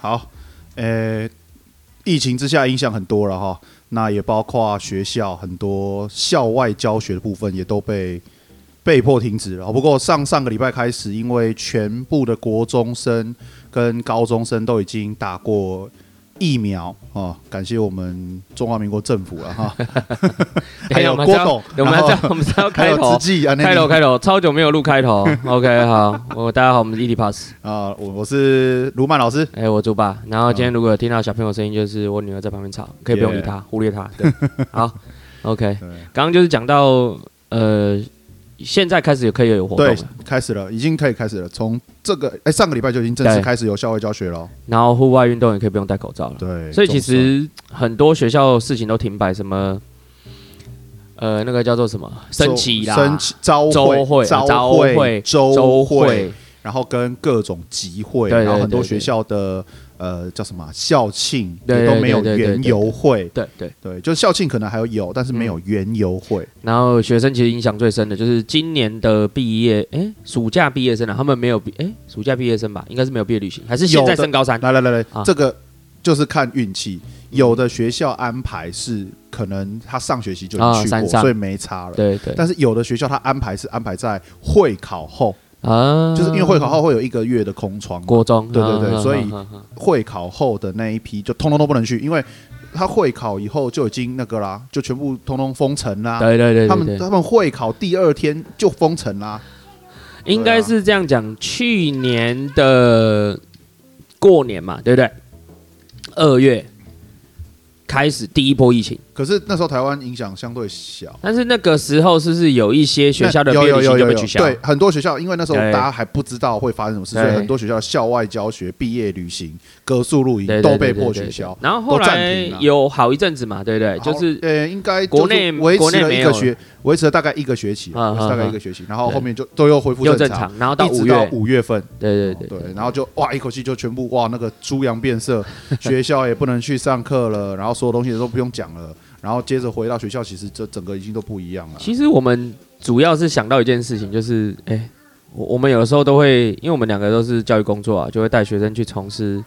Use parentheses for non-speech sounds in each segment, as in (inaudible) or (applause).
好，誒、欸，疫情之下影響很多了哈、哦，那也包括學校很多校外教學的部分也都被被迫停止了。不過上上個禮拜開始，因為全部的國中生跟高中生都已經打過。疫苗哦，感謝我們中華民國政府了、啊、哈。哦、 (laughs) 還有郭鍋董，我們再我們再開頭。開頭開頭，超久沒有錄開頭。 (laughs) OK，好，我大家好，我們是 Edipas 啊，我我是盧曼老師，哎、欸，我朱爸。然後今天如果有聽到小朋友聲音，就是我女兒在旁邊吵，可以不用理他，yeah. 忽略他。對好 (laughs) ，OK，剛剛就是講到呃。現在開始也可以有活動了，對，開始了，已經可以開始了。從這個哎、欸，上個禮拜就已經正式開始有校外教學了。然後戶外運動也可以不用戴口罩了。對，所以其實很多學校事情都停擺，什麼呃，那個叫做什麼升旗啦、升旗、朝會、朝會、周會、會，然後跟各種集會，對對對對對。然後很多學校的。呃，叫什麼、啊、校慶？對，都沒有園遊會。對對對，就校慶可能還有有，但是沒有園遊會、嗯。然後學生其實印象最深的就是今年的畢業，哎，暑假畢業生了、啊，他們沒有畢，哎，暑假畢業生吧，應該是沒有畢業旅行，還是現在升高三？來來來來、啊，這個就是看運氣。有的學校安排是可能他上學期就去過啊啊，所以沒差了。對對。但是有的學校他安排是安排在會考後。啊，就是因為會考後會有一個月的空窗，國中，對對對、啊，所以會考後的那一批就通通都不能去，因為他會考以後就已經那個啦，就全部通通封城啦。對對對，對，他們他們會考第二天就封城啦，應該是這樣講。去年的過年嘛，對不對？二月開始第一波疫情。可是那時候台灣影響相對小，但是那個時候是不是有一些學校的畢業旅行有有，取消？對，很多學校，因為那時候大家還不知道會發生什麼事，所以很多學校校外教學、畢業旅行、隔宿露營都被迫取消，然後後來有好一陣子嘛，對不對，對？就是呃、欸，應該國內維持了一個學，維持了大概一個學期，大概一個學期，然後後面就都又恢復正，正常，然後到5月一直到五月份，對對對對,、哦對，然後就哇一口氣就全部哇那個豬羊變色， (laughs) 學校也不能去上課了，然後所有東西都不用講了。然後接着回到學校，其實這整個已經都不一樣了。其實我們主要是想到一件事情，就是欸，我我們有的時候都會，因為我們兩個都是教育工作啊，就會帶學生去從事，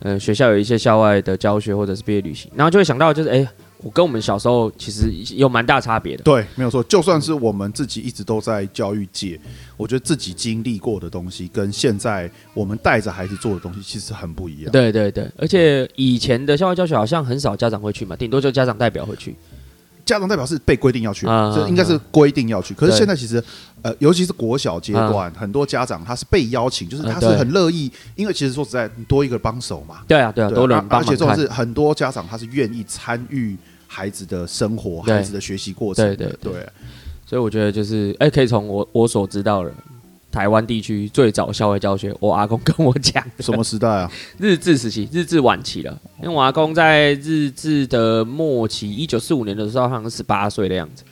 呃，學校有一些校外的教學或者是畢業旅行，然後就會想到就是欸我跟我們小時候其實有蠻大差別的。對，沒有錯。就算是我們自己一直都在教育界，我覺得自己經歷過的東西，跟現在我們帶着孩子做的東西其實很不一樣。對對對，而且以前的校外教學好像很少家長會去嘛，頂多就家長代表會去。家長代表是被規定要去，啊啊啊啊，所以應該是規定要去。可是現在其實，呃，尤其是國小階段啊啊，很多家長他是被邀請，就是他是很樂意、啊，因為其實說實在，你多一個幫手嘛。對啊對啊，多人幫、啊。而且重點是，很多家長他是願意參與。孩子的生活，孩子的學習過程，對對對，對，對，所以我覺得就是，哎、欸，可以從我我所知道的台灣地區最早校外教學，我阿公跟我講，什麼時代啊？ (laughs) 日治時期，日治晚期了，因為我阿公在日治的末期，一九四五年的時候，好像是十八歲的樣子，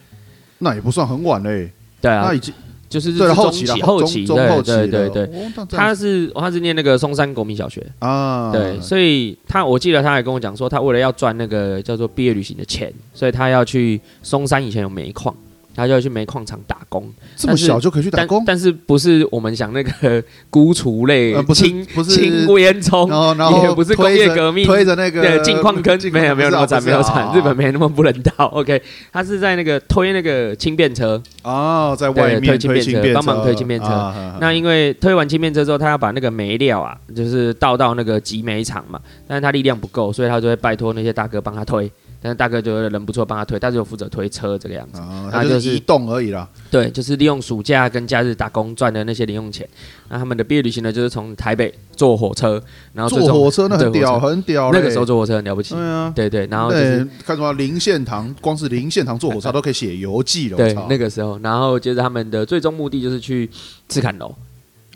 那也不算很晚嘞、欸，對啊，他已經。就是就是期後期後期，後期，對對對對，對，他是他是念那個松山國民小學啊，對，所以他我記得他還跟我講說，他為了要賺那個叫做畢業旅行的錢，所以他要去松山以前有煤礦。他就要去煤礦廠打工，這麼小就可以去打工？但是,但但是不是我們想那個孤雛淚，清清煙囪，也不是工業革命推着,推着那個進礦坑？沒有沒有，那麼慘，沒有慘、啊啊，日本沒那麼不人道。OK，他是在那個推那個輕便車哦、啊，在外面推輕,推輕便車，幫忙推輕便車、啊啊呵呵。那因為推完輕便車之後，他要把那個煤料啊，就是倒到那個集煤廠嘛，但是他力量不夠，所以他就會拜托那些大哥幫他推。那大哥覺得人不錯，幫他推，但是有負責推車這個樣子，啊然後，就是、他就是移動而已了。對，就是利用暑假跟假日打工賺的那些零用錢。那他們的畢業旅行呢，就是從台北坐火車，然後火坐火車，那很屌，很屌。那個時候坐火車很了不起，對、啊、對、對對。然後就是、欸、看到麼林獻堂，光是林獻堂坐火車都可以寫遊記了。對，那個時候，然後接着他們的最終目的就是去赤崁樓。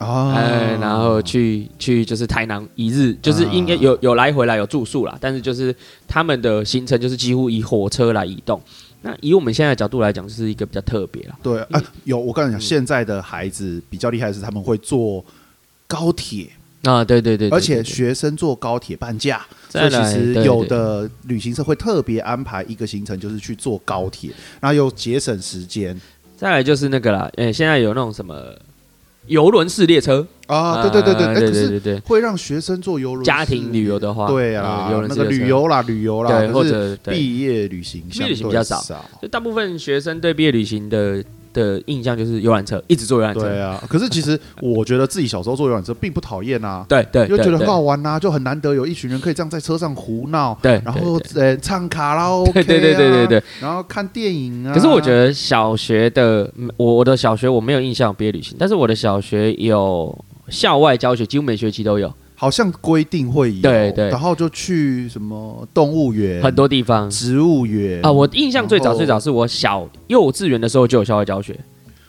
哦、哎，然後去去就是台南一日，就是應該有、啊、有來回來有住宿啦，但是就是他們的行程就是幾乎以火車來移動。那以我們現在的角度來講，就是一個比較特別了。對啊，有我跟你講、嗯，現在的孩子比較厲害的是他們會坐高鐵啊，對對對、對、對、對對對，而且學生坐高鐵半價，這其實有的旅行社會特別安排一個行程，就是去坐高鐵，然後又節省時間。再來就是那個啦，哎、欸，現在有那種什麼？遊輪式列車啊，對對對、啊欸、對，對，對，可是會讓學生坐遊輪。家庭旅遊的話，對啊、嗯，有那個旅遊啦，旅遊啦、對、旅、對對，或者畢業旅行，畢業旅行比較少，就大部分學生對畢業旅行的。的印象就是遊覽車，一直坐遊覽車。對啊，可是其實我覺得自己小時候坐遊覽車並不討厭啊，對 (laughs) 對，就覺得很好玩啊，就很難得有一群人可以這樣在車上胡鬧，對，然後呃、欸、唱卡拉 OK 啊，對對對對對對，然後看電影啊。可是我覺得小學的，我的小學我沒有印象畢業旅行，但是我的小學有校外教學，幾乎每學期都有。好像規定會有對對，然後就去什麼動物園、很多地方、植物園啊。我印象最早最早是我小幼稚園的時候就有校外教學。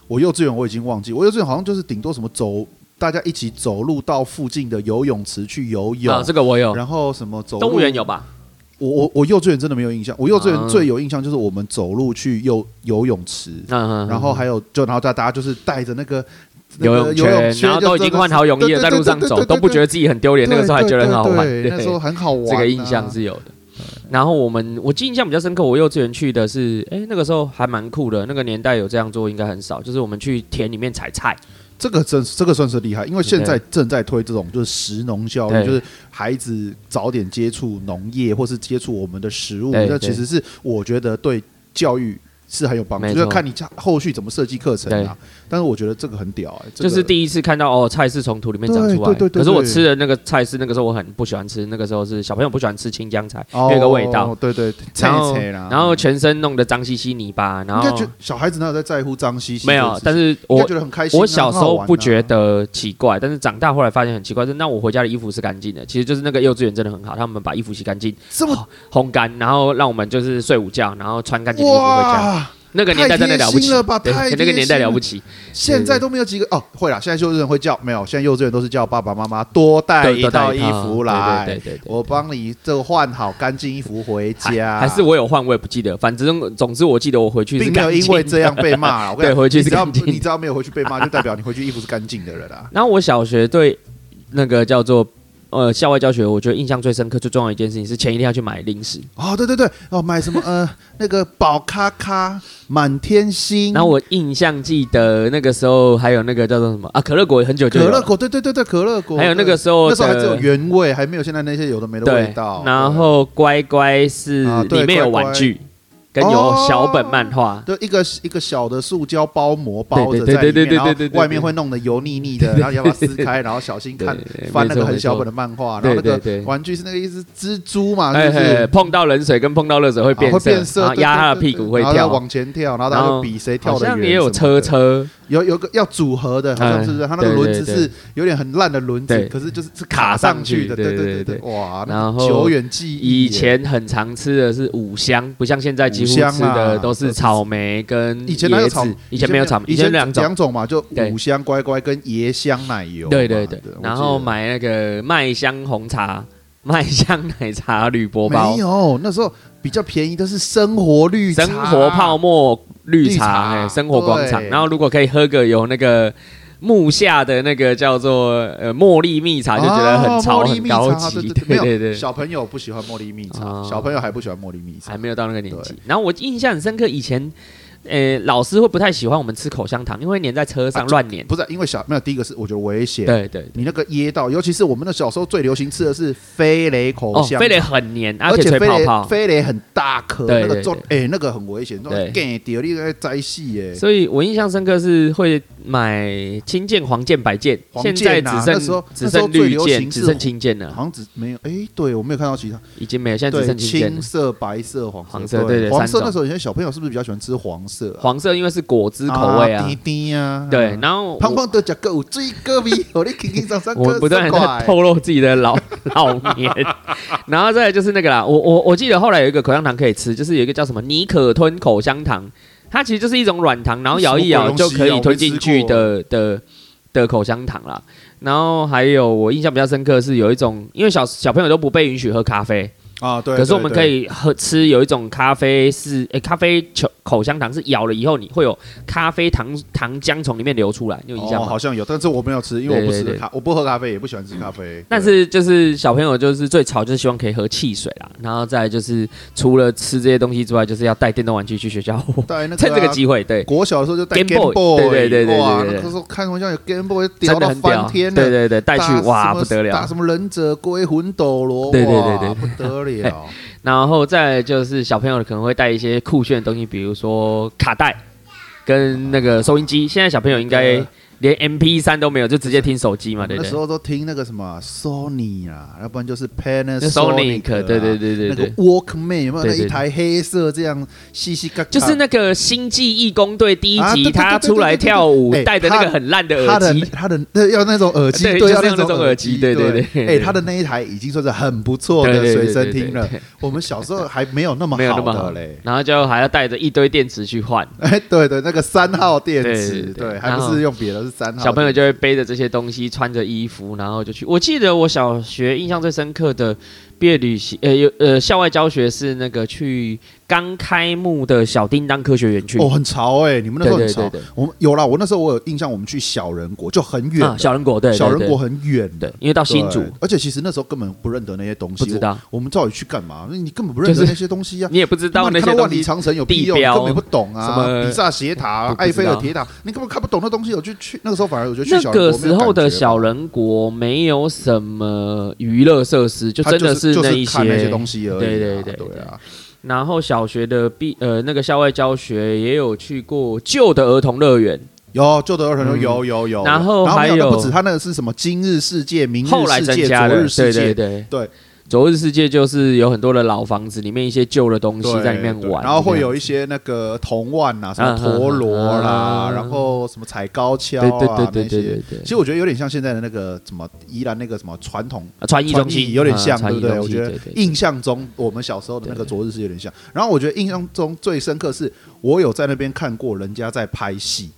我幼稚園我已經忘記，我幼稚園好像就是頂多什麼走，大家一起走路到附近的游泳池去游泳。這個我有。然後什麼走動物園有吧？我我我幼稚園真的沒有印象。我幼稚園最有印象就是我們走路去游游泳池，啊啊啊，然後還有就然後大家就是帶着那個。游泳圈，那個、游泳圈，然後都已經換好泳衣了，在路上走都不覺得自己很丟臉。那個時候還覺得很好玩，對對對對對對對，那時候很好玩。這個印象是有的、啊。然後我們，我記印象比較深刻，我幼稚園去的是，誒、欸，那個時候還蠻酷的。那個年代有這樣做應該很少，就是我們去田裡面採菜。這個真，這個算是厲害，因為現在正在推這種就是食農教育，就是孩子早點接觸農業或是接觸我們的食物，那其實是我覺得對教育。是很有幫助，就要看你家後續怎麼設計課程、啊、對，但是我覺得這個很屌哎、欸這個，就是第一次看到哦，菜是從土裡面長出來。對，對，對，對。可是我吃的那個菜是那個時候我很不喜歡吃，那個時候是小朋友不喜歡吃青江菜，哦、那個味道。對對，對。然後彩彩，然後全身弄得髒兮兮泥巴，然後就小孩子哪有在在乎髒兮兮？沒有，但是我覺得很開心。我小時候不覺得奇怪，但是長大後來發現很奇怪。是那我回家的衣服是乾淨的，其實就是那個幼稚園真的很好，他們把衣服洗乾淨，這烘、哦、乾，然後讓我們就是睡午覺，然後穿乾淨的衣服回家。那個年代真的了不起，太貼心了吧，太貼心了，那個年代了不起。對對對，現在都沒有幾個哦，會了。現在幼稚園會叫沒有，現在幼稚園都是叫爸爸媽媽多帶一套衣服來，對對對,對,對,對我幫你這換好乾淨衣服回家，還,還是我有換？我也不記得。反正總之我記得我回去是乾淨的，並沒有因為這樣被罵、啊。我跟你講，對，回去是乾淨的，你只你只要沒有回去被罵，就代表你回去衣服是乾淨的了、啊。 (laughs) 然後我小學對那個叫做。呃，校外教學，我覺得印象最深刻，最重要的一件事情是，前一天要去買零食。哦，對對對，哦，買什麼？呃， (laughs) 那個寶咖咖，滿天星。然後我印象記得那個時候還有那個叫做什麼啊？可樂果很久就有了可樂果，對對對對，可樂果。還有那個時候那時候還只有原味，還沒有現在那些有的沒的味道。對對然後乖乖是裡面、啊，有玩具。乖乖跟有小本漫畫，oh, 對，一個一個小的塑膠包膜包着在裡面，然後外面會弄得油膩膩的，對對對，然後你要把它撕開，對對對對對然後小心看對對對，翻那個很小本的漫畫。對對對對然後那個玩具是那個一隻蜘蛛嘛，對對對對就是對對嘿嘿，碰到冷水跟碰到熱水會變色，啊、會變色，壓它的屁股會跳對對對對對，往前跳，然後它會比誰跳的遠。好像你也有車車，有有個要組合的，好像是不是？它那個輪子是有點很爛的輪子，可是就是是卡上去的。對對對對，哇！然後久遠記憶以前很常吃的是五香，不像現在。香的都是草莓跟椰子，以前哪有，以前沒有草莓，以前兩種兩種嘛，就五香乖乖跟椰香奶油。對對對，對，然後買那個麥香紅茶、麥、嗯、香奶茶、鋁、啊、箔包。沒有，那時候比較便宜，都是生活綠茶、生活泡沫綠茶，哎，生活廣場。然後如果可以喝個有那個。木下的那個叫做呃茉莉蜜茶，就覺得很潮、哦、很高級。對對，對，對，對，對沒有 (laughs) 小朋友不喜歡茉莉蜜茶、哦，小朋友還不喜歡茉莉蜜茶，還沒有到那個年紀。然後我印象很深刻，以前呃老師會不太喜歡我們吃口香糖，因為粘在車上亂粘、啊。不是、啊、因為小朋友第一個是我覺得危險，對對，對對，你那個噎到，尤其是我們那小時候最流行吃的是飛雷口香、哦，飛雷很粘，而且飛雷飛雷很大顆，那個做哎、欸、那個很危險，做乾掉那個摘細、欸、所以我印象深刻是會。買青箭、黃箭、白箭，啊，現在只剩只剩綠箭，只剩青箭了。好像只沒有，哎、欸，對我沒有看到其他，已經沒有，現在只剩青，青色、白色、黃色，黃色對，對，對對，黃色那時候有些小朋友是不是比較喜歡吃黃色？黃色因為是果汁口味啊，滴、啊、滴啊，對。然後胖胖的腳狗追隔壁，我的輕輕上上，我不斷在透露自己的老老年。 (laughs) (laughs) 然後再來就是那個啦，我我我記得後來有一個口香糖可以吃，就是有一個叫什麼尼可吞口香糖。它其實就是一種軟糖，然後咬一咬就可以吞進去的的的,的口香糖啦。然後還有我印象比較深刻是有一種，因為小小朋友都不被允許喝咖啡。啊、哦，對。可是我們可以喝對對對，吃有一種咖啡是，哎,咖啡口口香糖，是咬了以後你會有咖啡糖糖漿從裡面流出來，就一樣。好像有，但是我沒有吃，因為我不吃咖，我不喝咖啡，也不喜歡吃咖啡，嗯。但是就是小朋友就是最吵，就是希望可以喝汽水啦，然後再就是除了吃這些東西之外，就是要帶電動玩具去學校，對、啊，趁這個機會，對。國小的時候就帶，對對對對對對、對對對對對對。那個時候開玩笑，有 Game Boy 屌到翻天了，對，對對對，帶去哇不得了，打什麼忍者龜、魂斗羅，對對對對、對、對、對，不得了。Hey, 哦，然後再就是小朋友可能會帶一些酷炫的東西，比如說卡帶跟那個收音機。現在小朋友應該。連 MP3 都沒有，就直接聽手機嘛，對不對，對？那時候都聽那個什麼啊 Sony 啊，要不然就是 Panasonic、啊、對對對對、對那個 Walkman 有沒有，對對對對？那一台黑色這樣細細就是那個《星際異攻隊》第一集，啊對對對對對。他出來跳舞戴的、欸、那個很爛的耳機，他的那要那種耳機，對、就是、要那種耳機，對對對，哎，他的那一台已經算是很不錯的隨身聽了對對對對對。我們小時候還沒有那麼好， (laughs) 那麼好然後就還要帶着一堆電池去換，哎、欸，對，對對，那個三號電池，對、對、對、對、對，還不是用別的，是。小朋友就會背着這些東西，穿着衣服，然後就去。我記得我小學印象最深刻的，畢業旅行，呃，有呃，校外教學是那個去剛開幕的小叮噹科學園區，哦，很潮哎！你們那時候潮，我們有啦。我那時候我有印象，我們去小人國就很遠，啊、小人國對，小人國很遠的，因為到新竹，而且其實那時候根本不認得那些東西，不知道我，我們到底去幹嘛？你根本不認識那些東西啊。你也不知道那些萬里長城有地標，你不懂啊，什,什麼比薩斜塔、埃菲爾鐵塔，你根本看不懂那東西。我就去那個時候反而我就去。那個時候的小人國沒有什麼娛樂設施，就真的是。就是是那一些，就是、些東西而已，啊，對對對，對，啊。然後小學的畢呃那個校外教學也有去過舊的兒童樂園，有舊的兒童樂園，嗯，有有有。然後還有，後有那不止，他那個是什麼？今日世界、明日世界、昨日世界，對對對，對。對昨日世界就是有很多的老房子，裡面一些舊的東西在裡面玩，然後會有一些那個童玩啊，什麼陀螺啦、啊啊啊，然後什麼踩高蹺啊，那些。其實我覺得有點像現在的那個什麼宜蘭那個什麼傳統、啊、傳藝中心有點像，啊、對不對？我覺得印象中我們小時候的那個昨日世界有點像。然後我覺得印象中最深刻是我有在那邊看過人家在拍戲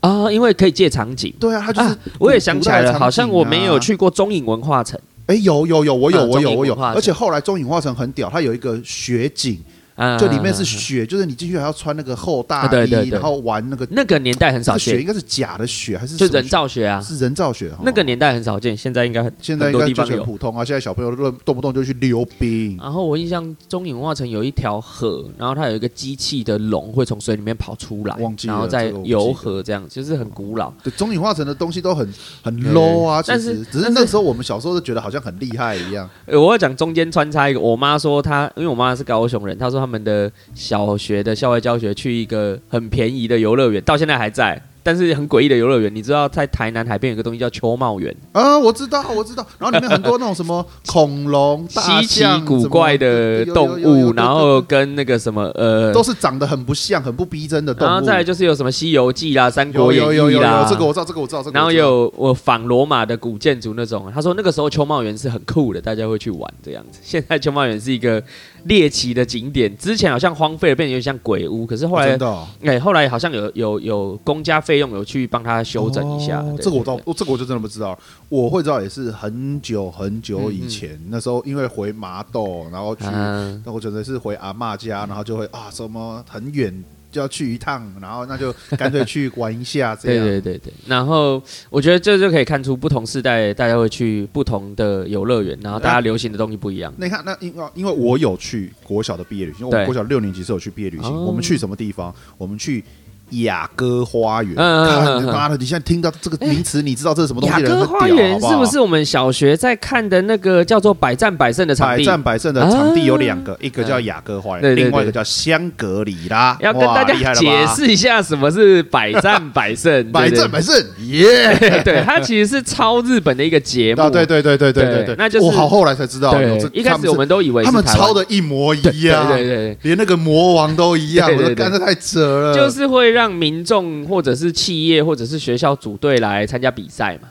啊，因為可以借場景。對啊，他就是古古、啊。我也想起來了、啊，好像我沒有去過中影文化城。哎、欸，有有有，我有、嗯、我有我有，我有，而且後來中影畫城很屌，他有一個雪景。嗯、啊，啊啊，就裡面是雪，就是你進去還要穿那個厚大衣，啊，然後玩那個。那個年代很少雪，應該是假的雪還是就人造雪啊？是人造雪啊。那個年代很少見，啊啊哦嗯、現在應該很、嗯、很多地方現在應該就很普通啊，現在小朋友都動不動就去溜冰。然後我印象中影文化城有一條河，然後它有一個機器的龍會從水裡面跑出來，然後在游河這樣，就是很古老，啊。對，中影文化城的東西都很很 low 啊，但是只是那時候我們小時候就覺得好像很厲害一樣。哎，我要講中間穿插一個，我媽說她，因為我媽是高雄人，她說她。他們的小學的校外教學，去一個很便宜的遊樂園，到現在還在。但是很詭異的遊樂園，你知道在台南海邊有個東西叫秋茂園啊，我知道，我知道。然後裡面很多那種什麼恐龍、稀 (laughs) 奇古怪的動物有有有有有有對對對，然後跟那個什麼呃，都是長得很不像、很不逼真的動物。然後再來就是有什麼《西遊記》啦，《三國演義》啦，這個我知道，這個我知道。然後有我仿羅馬的古建築那種。他說那個時候秋茂園是很酷的，大家會去玩這樣子。現在秋茂園是一個獵奇的景點，之前好像荒廢了，變得有點像鬼屋。可是後來，哎、哦哦欸，後來好像有有有公家。費用有去幫他修整一下，哦、這個我倒、哦，這個我就真的不知道。我會知道也是很久很久以前，嗯嗯、那時候因為回麻豆，然後去，那、啊、我覺得是回阿嬤家，然後就會啊什麼很遠就要去一趟，然後那就乾脆去玩一下這樣。 (laughs) 對，對對對對。然後我覺得這就可以看出不同時代大家會去不同的遊樂園，然後大家流行的東西不一樣。啊、你看，那因為、啊、因為我有去國小的畢業旅行，我們國小六年級是有去畢業旅行，哦、我們去什麼地方？我們去。雅歌花園，媽、嗯、的、嗯嗯！你現在聽到這個名詞、欸，你知道這是什麼東西？雅歌花園是不是我們小學在看的那個叫做《百戰百勝》的場地？百戰百勝的場地有兩個、啊，一個叫雅歌花園對對對對，另外一個叫香格里拉。要跟大家解釋一下什麼是百戰百勝。 (laughs) 百戰百勝，耶！對，它其實是抄日本的一個節目。對對對對對對對,對,對,對,對，那就是我好後來才知道，一開始我們都以為他們,他們抄的一模一樣，對對,對,對對，連那個魔王都一樣，對對對對對我都幹得太扯了，就是會讓。讓民眾或者是企業或者是學校組隊來參加比賽嘛，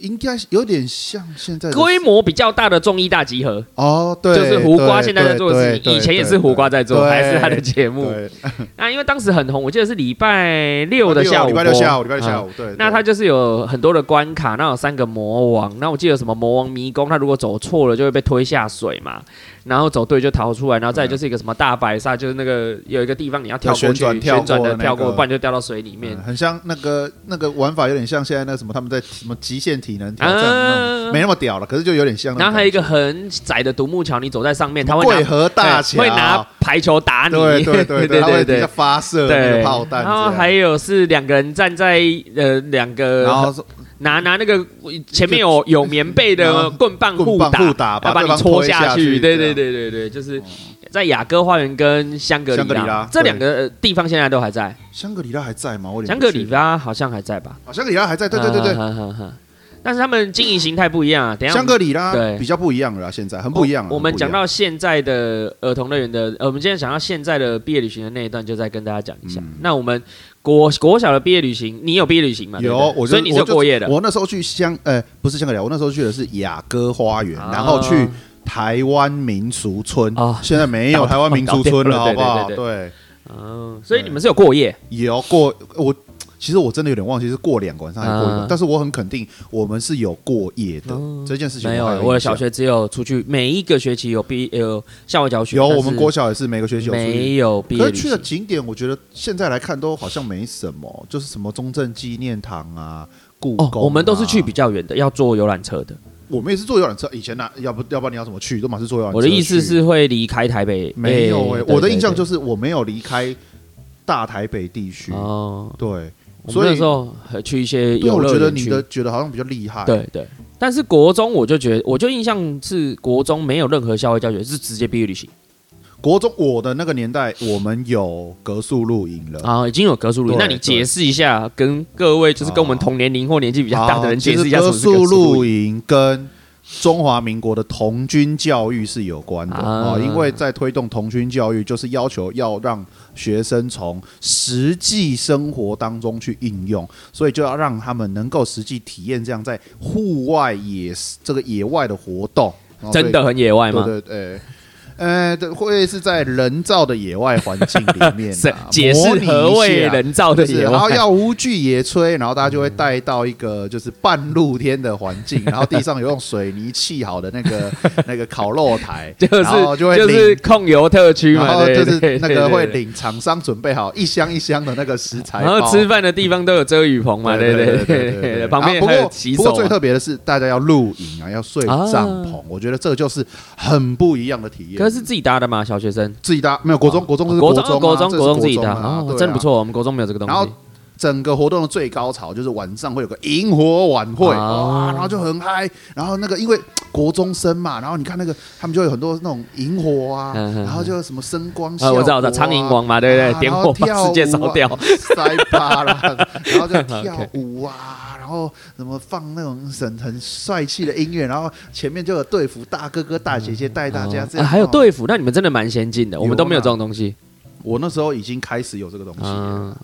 應該有點像現在規模比較大的綜藝大集合哦，oh, 對，就是胡瓜現在在做的事情，以前也是胡瓜在做，還是他的節目。那、啊、因為當時很紅，我記得是禮拜六的下午，嗯、禮拜六下午，禮拜六下午對、嗯對，對。那他就是有很多的關卡，那有三個魔王，那我記得什麼魔王迷宮，他如果走錯了就會被推下水嘛。然後走對就逃出來，然後再就是一個什麼大白鯊，就是那個有一個地方你要跳，旋轉跳、那個，旋轉旋轉的跳過，不然就掉到水裡面。嗯、很像那個那個玩法有點像現在那什麼他們在什麼極限體能挑戰、啊，沒那麼屌了，可是就有點像。然後還有一個很窄的獨木橋，你走在上面他會拿會拿排球打你，對對對對對，他會發射炮彈。然後還有是兩個人站在呃兩個，然後。拿拿那個前面有有棉被的棍棒互打，要把你戳下去，把下去。對對對對對，就是在亞哥花園跟香格里拉、格里拉這兩個地方，現在都還在。香格里拉還在嗎？我香格里拉好像還在吧。啊，香格里拉還在，對對對對。啊啊啊啊啊但是他們經營形態不一樣啊，等下香格里拉對比較不一樣了，啊，現在很不，很不一樣。我們講到現在的兒童樂園的，呃，我們今天講到現在的畢業旅行的那一段，就再跟大家講一下，嗯。那我們國國小的畢業旅行，你有畢業旅行嗎？有對對對，我，所以你是過夜的我。我那時候去香，呃、欸，不是香格里拉，我那時候去的是亞哥花園，哦，然後去台灣民俗村。啊、哦，現在沒有台灣民俗村了，哦、了，好不好？對，對，對，對，嗯、哦，所以你們是有過夜，有過我。其實我真的有點忘記是過兩個晚上還是過一、啊，但是我很肯定我們是有過夜的、哦、這件事情件。沒有，我的小學只有出去每一個學期有畢業有校外教學。有，我們國小也是每個學期有出去。沒有畢業，可是去的景點，我覺得現在來看都好像沒什麼，就是什麼中正紀念堂啊、故宮、啊哦。我們都是去比較遠的，要坐遊覽車的。我們也是坐遊覽車，以前呢，要不要不然你要怎麼去都馬是坐遊覽車。我的意思是會離開台北，欸、沒有哎、欸，我的印象就是我沒有離開大台北地區、哦。對。所以我那時候還去一些遊樂園區，因為我覺得你的覺得好像比較厲害，欸，對對。但是國中我就覺得，我就印象是國中沒有任何校外教學，是直接畢業旅行。國中我的那個年代，我們有格數露營隔宿露營了啊，已經有格數露隔宿露營。那你解釋一下，跟各位就是跟我們同年齡或年紀比較大的人解釋一下什麼格，格數露營隔宿露營跟。中華民國的童軍教育是有關的啊、哦，因為在推動童軍教育，就是要求要讓學生從實際生活當中去應用，所以就要讓他們能夠實際體驗這樣在戶外野這個野外的活動，真的很野外嗎？對對對。欸呃，會是在人造的野外環境裡面，啊， (laughs) 解釋何謂人造的野外，就是，然後要無懼野炊，然後大家就會帶到一個就是半露天的環境，嗯，然後地上有用水泥砌好的那個 (laughs) 那個烤肉台， (laughs) 就是就會，就是控油特區嘛，就是那個會領廠商準備好一箱一箱的那個食材，然後吃飯的地方都有遮雨棚嘛。 (laughs) 對對對對對，對對對對對旁邊啊啊，不過不過最特別的是大家要露營啊，要睡帳篷，啊，我覺得這就是很不一樣的體驗。那是自己搭的嗎？小學生自己搭沒有？國中，哦、國中國中、啊哦、國中，國中，國中，啊、國中自己搭，哦啊、真的不錯。我們國中沒有這個東西。整個活動的最高潮就是晚上會有個營火晚會，哇、啊哦，然後就很嗨。然後那個因為國中生嘛，然後你看那個他們就有很多那種營火啊，嗯嗯、然後就有什麼聲光、啊啊、我知道，我知道，蒼蠅王嘛，對不對？點、啊、火，把世界燒掉，摔趴了。 (laughs) 然後就跳舞啊， (laughs) 然後什麼放那種很很帥氣的音樂，嗯、然後前面就有隊輔大哥哥大姐姐帶大家這樣。啊，還有隊輔，那你們真的蠻先進的、啊，我們都沒有這種東西。我那時候已經開始有這個東西。啊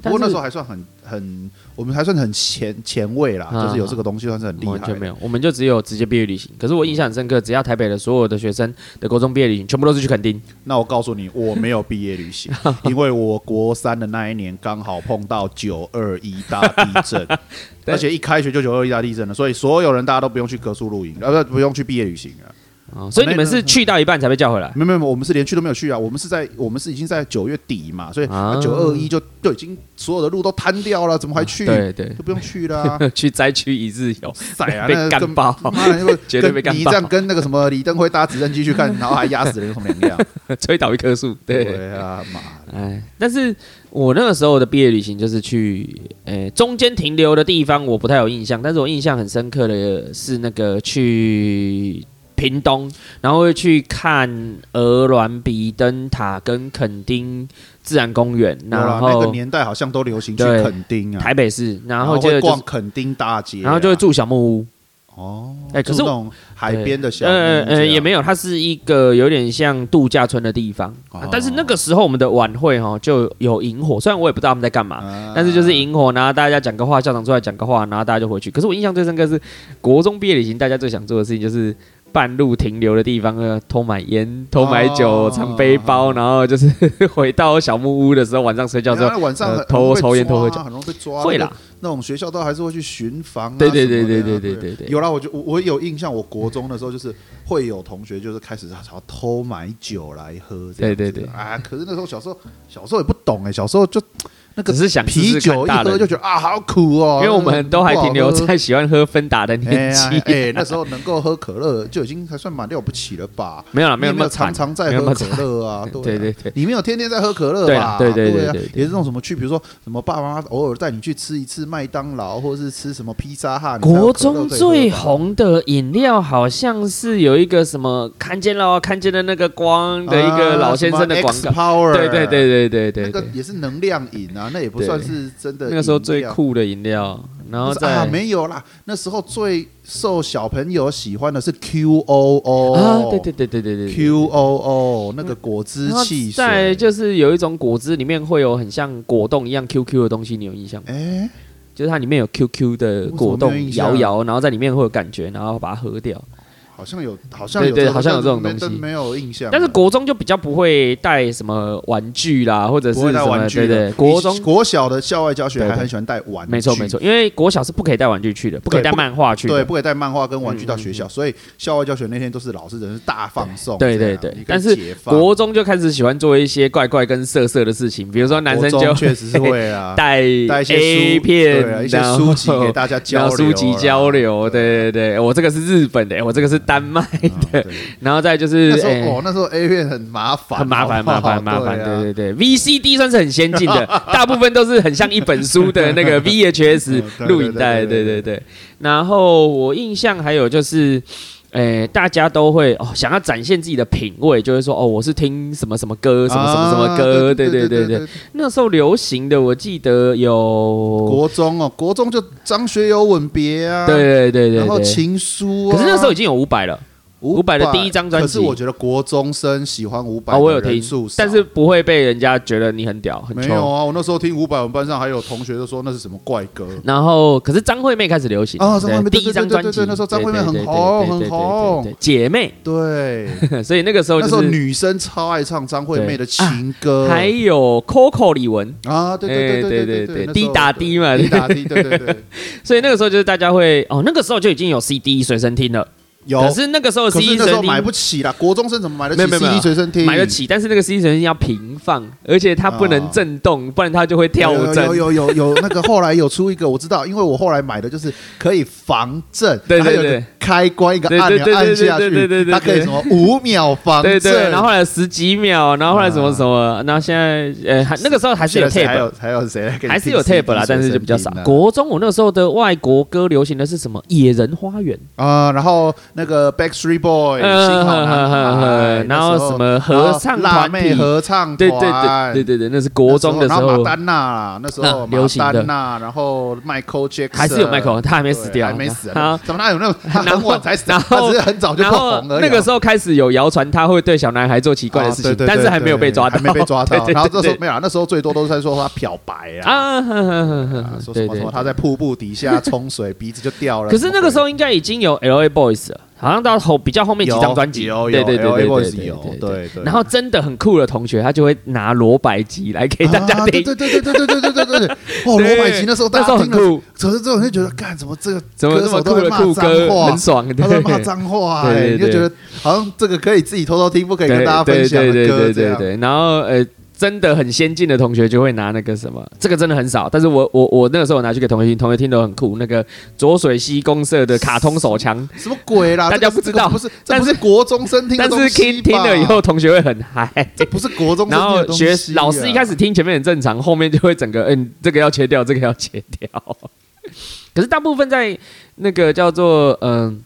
不過那時候還算很很，我們還算很前前衛啦、啊，就是有這個東西算是很厲害。完全沒有，我們就只有直接畢業旅行。可是我印象很深刻，只要台北的所有的學生的國中畢業旅行，全部都是去墾丁。那我告訴你，我沒有畢業旅行， (laughs) 因為我國三的那一年剛好碰到九二一大地震， (laughs) 而且一開學就九二一大地震了，所以所有人大家都不用去隔宿露營，呃不，不用去畢業旅行了。哦、所以你們是去到一半才被叫回來？啊、沒有沒有，我們是連去都沒有去啊。我們是在我們是已經在九月底嘛，所以九二一就、啊、就已經所有的路都癱掉了，怎麼還去、啊？對對，就不用去了、啊。 (laughs) 去災區一日遊，曬啊，那個、被幹爆、啊。絕對被幹爆。你這樣跟那個什麼李登輝搭直升機去看，然後還壓死人從兩輛， (laughs) 吹倒一棵樹。對啊，媽的、哎！但是我那個時候的畢業旅行就是去，哎、欸，中間停留的地方我不太有印象，但是我印象很深刻的是那個去。屏東，然後會去看鵝銮鼻燈塔跟墾丁自然公園，然後、啊、那個年代好像都流行去墾丁啊，台北市，然後就是、然後逛墾丁大街、啊，然後就會住小木屋，哦，哎、欸，可是那種海邊的小木屋，嗯嗯、呃呃呃，也沒有，它是一個有點像度假村的地方。啊、但是那個時候我們的晚會哈、哦、就有營火，雖然我也不知道他們在幹嘛，呃、但是就是營火，然後大家講個話，校長出來講個話，然後大家就回去。可是我印象最深刻是國中畢業旅行，大家最想做的事情就是。半路停留的地方呢，偷買菸、偷買酒，藏、啊、背包、啊啊，然後就是回到小木屋的時候，晚上睡覺的時候偷抽菸、偷喝酒、啊，很容易被抓。會啦，那種學校都還是會去巡房啊。對對對對對對對,對,對,對有啦，我就我,我有印象，我國中的時候就是會有同學就是開始想要偷買酒來喝。對,對對對啊！可是那時候小時候，小時候也不懂哎、欸，小時候就。那個、只是想啤酒一喝就覺得啊好苦哦、啊，因為我們都還停留在喜歡喝芬達的年紀、啊哎，哎、 (laughs) 那時候能夠喝可樂就已經還算蠻了不起了吧？沒有了，沒有那麼慘你沒有常常在喝可樂啊,啊！對對對，你們有天天在喝可樂吧？對、啊、對對,對,對,對,對,對、啊，也是那種什麼去，比如說什麼爸媽,媽偶爾帶你去吃一次麥當勞，或者是吃什麼披薩哈可可。國中最紅的飲料好像是有一個什麼看見了、啊、看見的那個光的一個老先生的廣告，啊、Xpower, 對,對,對,對,對對對對對對，那個也是能量飲啊。啊、那也不算是真的。那個時候最酷的飲料，然後再、啊、沒有啦。那時候最受小朋友喜歡的是 QOO 啊，對對對對對對 QOO 那個果汁汽水，在、嗯、就是有一種果汁裡面會有很像果凍一樣 QQ 的東西，你有印象嗎？欸、就是它裡面有 QQ 的果凍搖搖，然後在裡面會有感覺，然後把它喝掉。好像有，好像有對對、這個，好像有這種東西，但是國中就比較不會帶什麼玩具啦，或者是什麼？帶玩具的對對，國中國小的校外教學還很喜歡帶玩具。沒錯沒錯，因為國小是不可以帶玩具去的，不可以帶漫畫去的。對，不可以帶漫畫跟玩具到學校，以學校嗯、所以校外教學那天都是老師真是大放送。對對對，但是國中就開始喜歡做一些怪怪跟色色的事情，比如說男生就確實是會啊，帶帶一些書 A 片對、啊然後，一些書籍給大家交流書籍交流。對、對對對，我這個是日本的，我這個是。丹麥的、oh，然後再就是那時候、欸哦、那時候 A 片很麻煩，很麻煩，好好麻煩，麻煩，對、啊、對對，對，VCD 算是很先進的， (laughs) 大部分都是很像一本書的那個 VHS 錄影帶， (laughs) 對對對，對，對，對，對，對，對。然後我印象還有就是。哎，大家都會哦，想要展現自己的品味，就會、是、說哦，我是聽什麼什麼歌，什麼什麼什麼歌，啊、對，對，對，對對對對。那時候流行的，我記得有國中哦，國中就張學友《吻別》啊，對對，對對對對，然後《情書》啊，可是那時候已經有五百了。啊伍佰的第一張專輯，可是我覺得國中生喜歡伍佰，啊、哦，我有聽，但是不會被人家覺得你很屌，很沒有啊。我那時候聽伍佰，我們班上還有同學都說那是什麼怪歌。然後，可是張惠妹開始流行啊，張、哦、惠妹，對對對對對，第一張專輯那時候張惠妹很紅很紅，對對對對姐妹對， (laughs) 所以那個時候、就是、 (laughs) 那時候女生超愛唱張惠妹的情歌，啊、還有 Coco 李玟啊，對對對對對對、對，滴答滴嘛，滴答滴，對對對、對、對，滴滴，對對對對對 (laughs) 所以那個時候就是大家會哦，那個時候就已經有 CD 隨身聽了。可是那個時候，CD 隨身聽買不起了 C3。國中生怎麼買得起 CD 隨身聽 C3 買得起，但是那個 CD 隨身聽要平放，而且它不能震動，啊、不然它就會跳舞。有有有有，有，有 (laughs) 那個後來有出一個我知道，因為我後來買的就是可以防震，對對對，還有開關一個按鈕，按下去，對對對，它可以什麼五秒防震，然後後來十幾秒，然後後來什麼什麼，然後現在、啊、呃，那個時候還是有 tape，還有誰？還是有 tape 啦，C3 啦，但是就比較少。啊、國中我那時候的外國歌流行的是什麼？《野人花園》啊、呃，然後。那個 Backstreet Boys、呃、然後什麼合唱團、辣妹合唱團，對對對對對對，那是國中的時候。然後那時候流行的。然後 m i c h a 還是有 Michael，他還沒死掉，還沒死。怎長大有那種、個？他很晚才死，他其實很早就紅了然後然後。那個時候開始有謠傳，他會對小男孩做奇怪的事情，啊、對對對對，但是還沒有被抓到，對對對，還沒被抓到對對對對。然後那時候沒有、啊，那時候最多都是在說他漂白啊，啊，對對對啊，說什麼什麼，對對對，他在瀑布底下沖水， (laughs) 鼻子就掉了。可是那個時候應該已經有 L A Boys 了。好像到後比較後面幾張專輯，對對對對對，然後真的很酷的同學，他就會拿羅百吉來給大家聽，對對對對對對對對對。哦，羅、喔喔、百吉那時候大家聽了，聽了之後就覺得，幹什麼這個怎麼特別、啊、酷歌，很爽，他罵髒話、啊欸，對對對，你就覺得好像這個可以自己偷偷聽，不可以跟大家分享的歌，對對對對對，對。然後誒。呃真的很先進的同學就會拿那個什麼，這個真的很少。但是我我我那個時候拿去給同學聽，同學聽得很酷。那個濁水溪公社的卡通手槍，什麼鬼啦？ (laughs) 大家不知道，這個、不是，但是，這不是國中生聽的，但是聽聽了以後，同學會很嗨。這不是國中生聽的、啊，然後學老師一開始聽前面很正常，後面就會整個嗯，欸、這個要切掉，這個要切掉。 (laughs) 可是大部分在那個叫做嗯。呃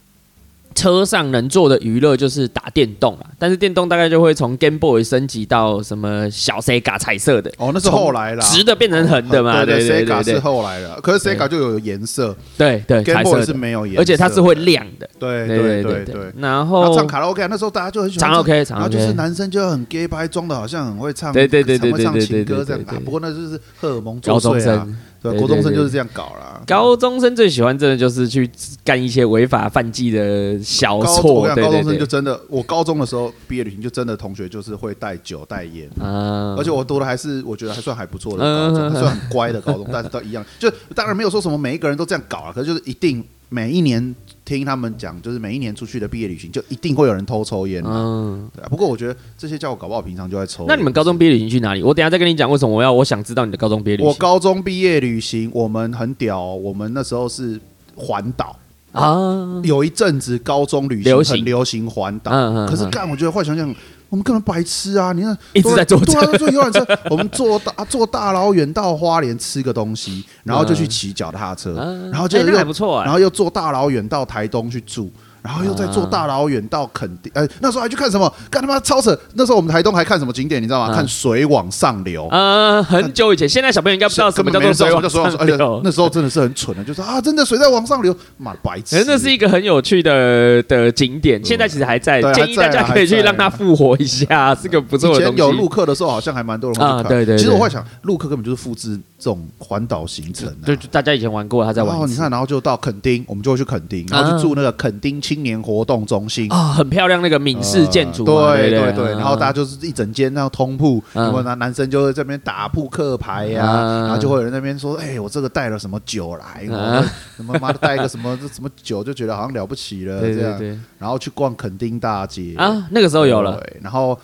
車上能做的娛樂就是打電動啊，但是電動大概就會從 Game Boy 升級到什麼小 Sega 彩色的。哦，那是後來的，直的變成橫的嘛、哦的。對對對對 Sega 是後來了，可是 Sega 就有顏色。對對，對，Game Boy 彩是沒有顏色的，而且它是會亮的。對對對對，對，對然後，然後、啊、唱卡拉 OK，、啊、那時候大家就很喜歡唱，唱 OK，, 唱 OK 然後就是男生就很 gay 拍，裝的好像很會唱，對對對對對，很會唱情歌這樣子。不過那就是荷爾蒙作祟啊。對，高中生就是這樣搞啦。高中生最喜歡真的就是去幹一些違法犯紀的小錯誤。高中生就真的，我高中的時候畢業旅行就真的同學就是會帶酒帶菸啊。嗯、而且我讀的還是我覺得還算還不錯的高中，還算很乖的高中，但是都一樣，就當然沒有說什麼每一個人都這樣搞啊，可是就是一定每一年。聽他們講，就是每一年出去的畢業旅行，就一定會有人偷抽煙。嗯，對啊。不過我覺得這些叫我搞不好平常就在抽。那你們高中畢業旅行去哪裡？我等一下再跟你講為什麼我要，我想知道你的高中畢業旅行。我高中畢業旅行，我們很屌哦，我們那時候是環島啊。有一陣子高中旅行很流行環島，啊啊啊啊，可是幹，我覺得換想想。我們根本白痴啊！你看，一直在坐，都在坐車，對啊，坐遊覽車。我們坐大坐大老遠到花蓮吃個東西，然後就去騎腳踏車，嗯，然後就又，欸，那還不錯，欸，然後又坐大老遠到台東去住。然後又在坐大老遠到墾丁，哎、啊，欸，那時候還去看什麼？看他媽超扯！那時候我們台東還看什麼景點？你知道嗎？啊、看水往上流。呃、啊嗯、很久以前，現在小朋友應該不知道什麼叫做水往上流。上流欸、那時候真的是很蠢的、啊， (laughs) 就是啊，真的水在往上流，滿白痴、欸、那是一個很有趣的的景點，現在其實還在對，建議大家可以去讓它復活一下，啊、是個不錯的東西。以前有陸客的時候，好像還蠻多人看啊，對，對對。其實我會想，陸客根本就是複製這種環島行程、啊。對，就大家以前玩過，他在玩。然後你看，然後就到墾丁，我們就會去墾丁，然後去住那個墾丁青年活動中心啊、哦，很漂亮，那個閩式建築、呃，對對對、啊，然後大家就是一整間那通鋪，然、啊、後男生就會這邊打撲克牌呀、啊啊，然後就會有人在那邊說，哎、欸，我這個帶了什麼酒來？啊、我什麼媽的帶一個什麼這 (laughs) 什麼酒就覺得好像了不起了，對對對對這樣，然後去逛墾丁大街啊，那個時候有了，對然後，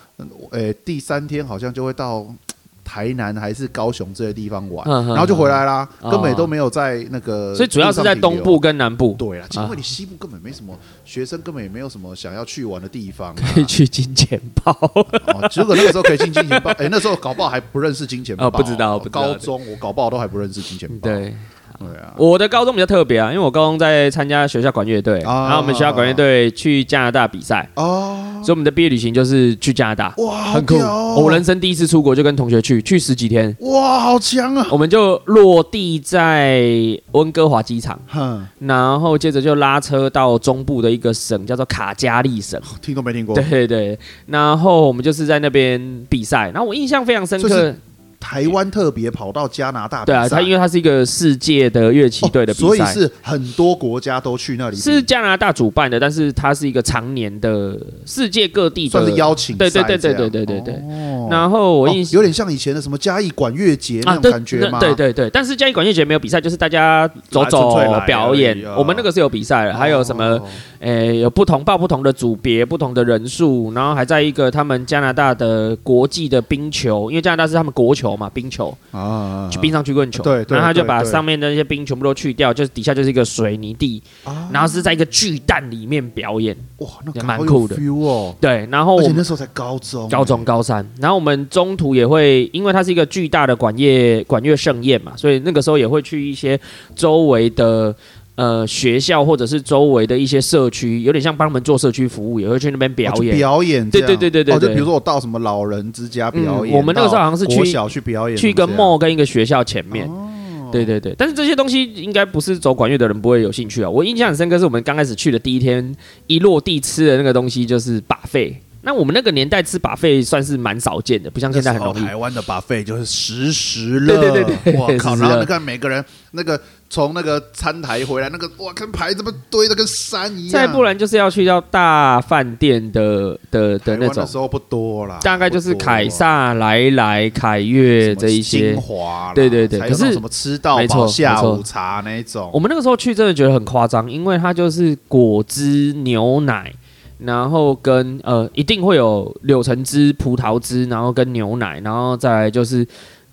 呃、欸，第三天好像就會到。台南還是高雄這些地方玩，嗯、然後就回來啦，哦、根本也都沒有在那個，所以主要是在東部跟南部。對啊，因為你西部根本沒什麼、嗯、學生，根本也沒有什麼想要去玩的地方、啊。可以去金錢豹、 (laughs) 哦，如果那個時候可以進金錢豹，哎、 (laughs) 欸，那時候搞不好還不認識金錢豹，哦、不知道、哦。高中我搞不好都還不認識金錢豹。對。對啊、我的高中比較特別啊，因為我高中在參加學校管樂隊、啊，然後我們學校管樂隊去加拿大比賽，哦、啊，所以我們的畢業旅行就是去加拿大，哇，好酷，很酷！哦、我人生第一次出國，就跟同學去，去十幾天，哇，好強啊！我們就落地在溫哥華機場，嗯，然後接着就拉車到中部的一個省，叫做卡加利省，聽都沒聽過？對，對對，然後我們就是在那邊比賽，然後我印象非常深刻。台灣特別跑到加拿大比賽。對啊，他因為它是一個世界的樂旗隊的比賽、哦，所以是很多國家都去那裡。是加拿大主辦的，但是它是一個常年的世界各地的算是邀請賽對,對對對對對對對。哦、然後我印象、哦、有點像以前的什麼嘉義管樂節那種感覺嗎、啊、對,對對對，但是嘉義管樂節沒有比賽，就是大家走走純純、啊、表演、啊。我們那個是有比賽的，哦、還有什麼？有不同報不同的組別、不同的人數，然後還在一個他們加拿大的國際的冰球，因為加拿大是他們國球。球嘛，冰球啊，去冰上去滾球、啊對，對，然後他就把他上面的那些冰全部都去掉，就是底下就是一個水泥地，啊、然後是在一個巨蛋裡面表演，啊、哇，那蠻酷的、哦，對，然後我們那時候才高中，高中高三，然後我們中途也會，因為它是一個巨大的管樂管樂盛宴嘛，所以那個時候也會去一些周圍的。呃，學校或者是周圍的一些社區，有點像幫他們做社區服務，也會去那邊表演。哦、表演，對對對對對，對，對、哦。就比如說我到什麼老人之家表演。嗯、我們那個時候好像是去國小去表演，去一個 mall 跟一個學校前面、哦。對對對，但是這些東西應該不是走管樂的人不會有興趣啊、哦。我印象很深刻，是我們剛開始去的第一天，一落地吃的那個東西就是 buffet。那我們那個年代吃把 u 算是蠻少見的，不像現在很容易。台灣的把 u 就是時時樂，對對對我靠時時！然後你看每個人那個從那個餐台回來，那個哇，看牌子不堆的跟山一樣。再不然就是要去到大飯店的的的那種。那時候不多了，大概就是凱撒、萊萊、凱悅這一些。精華。對對對，還是什麼吃到下午茶那種那種？我們那個時候去真的覺得很誇張，因為它就是果汁、牛奶。然後跟呃，一定會有柳橙汁、葡萄汁，然後跟牛奶，然後再來就是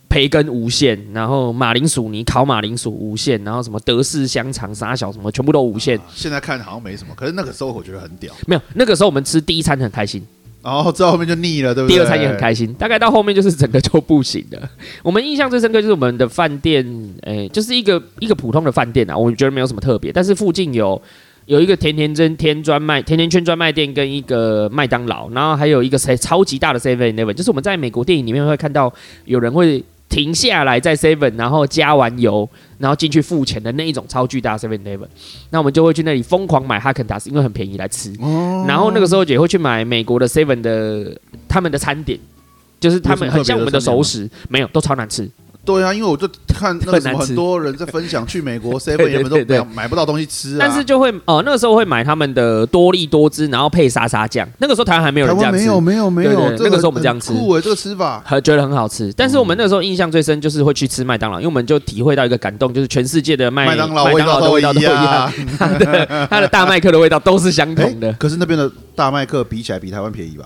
培根無限，然後馬鈴薯泥、烤馬鈴薯無限，然後什麼德式香腸沙小什麼，全部都無限。啊，現在看好像沒什麼，可是那個時候我覺得很屌。沒有，那個時候我們吃第一餐很開心，然後到後面就膩了，對不對？第二餐也很開心，大概到後面就是整個就不行了。 (laughs) 我們印象最深刻就是我們的飯店，誒，就是一個一個普通的飯店啊，我們覺得沒有什麼特別，但是附近有。有一個甜甜針天專賣甜甜圈專賣店，跟一個麥當勞，然後還有一個超級大的 Seven Eleven，就是我們在美國電影裡面會看到有人會停下來在 Seven，然後加完油，然後進去付錢的那一種超巨大的 Seven Eleven。那我們就會去那裡瘋狂買哈根達斯，因為很便宜來吃。哦。然後那個時候也會去買美國的 Seven 的他們的餐點，就是他們很像我們的熟食，有沒有都超難吃。對啊，因為我就看那個什麼，很多人在分享去美國 seven 也 (laughs) 都買買不到東西吃、啊、但是就會哦，那個時候會買他們的多力多滋，然後配沙沙醬。那個時候台灣還沒有人這樣吃，沒有沒有沒有，那、那個時候我們這樣吃。酷，哎，這個吃法，還覺得很好吃。但是我們那時候印象最深就是會去吃麥當勞，嗯、因為我們就體會到一個感動，就是全世界的麥、麥當勞味道都一樣，都一樣 (laughs) 它，它的大麥克的味道都是相同的、欸。可是那邊的大麥克比起來比台灣便宜吧？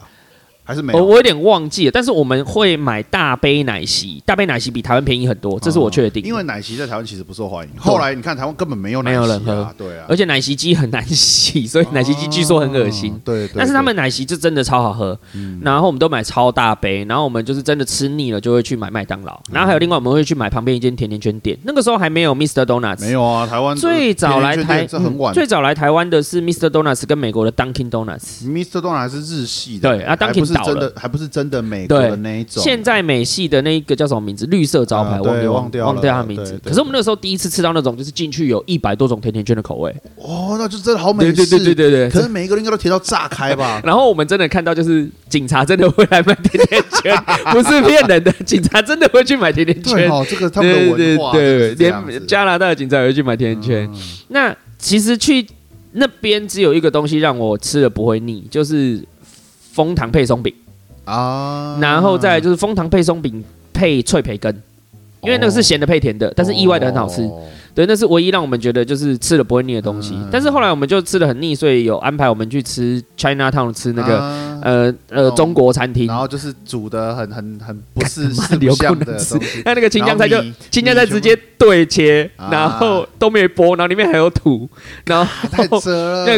還是沒有、哦、我有點忘記了，但是我們會買大杯奶昔，大杯奶昔比台灣便宜很多，這是我確定的、嗯。因為奶昔在台灣其實不受歡迎，後來你看台灣根本沒有奶昔、啊、沒有人喝，對啊，而且奶昔機很難洗，所以奶昔機據說很噁心，啊、對，對，對，對。但是他們奶昔就真的超好喝、嗯，然後我們都買超大杯，然後我們就是真的吃膩了就會去買麥當勞，嗯、然後還有另外我們會去買旁邊一間甜甜圈店，那個時候還沒有 Mister Donuts，沒有啊，台灣甜甜最早來台、嗯、最早來台灣的是 Mister Donuts，跟美國的 Dunkin Donuts，Mister Donuts 是日系的，對啊，Dunkin。真的還不是真的美的那一種，對，現在美系的那一個叫什麼名字？綠色招牌，我、啊、給忘,忘掉忘掉他名字。可是我們那時候第一次吃到那種，就是進去有一百多種甜甜圈的口味。哦，那就真的好美。對對對對對,對，可是每一個人應該都甜到炸開吧？ (laughs) 然後我們真的看到，就是警察真的會來買甜甜圈， (laughs) 不是騙人的。警察真的會去買甜甜圈。 (laughs) 對、哦、這個他們的文化對對,對、就是、連加拿大的警察也會去買甜甜圈。嗯、那其實去那邊只有一個東西讓我吃了不會膩，就是。楓糖配鬆餅，uh... 然後再來就是楓糖配鬆餅配脆培根，oh. 因為那個是鹹的配甜的，但是意外的很好吃。Oh. Oh. 對，那是唯一讓我們覺得就是吃了不會膩的東西。嗯、但是後來我們就吃的很膩，所以有安排我們去吃 Chinatown 吃那個、啊、呃呃、嗯、中國餐廳，然後就是煮的很很很不是不流常的，那那個青江菜就青江菜直接對切，然後、啊、然後都沒有剝，然後裡面還有土，然後那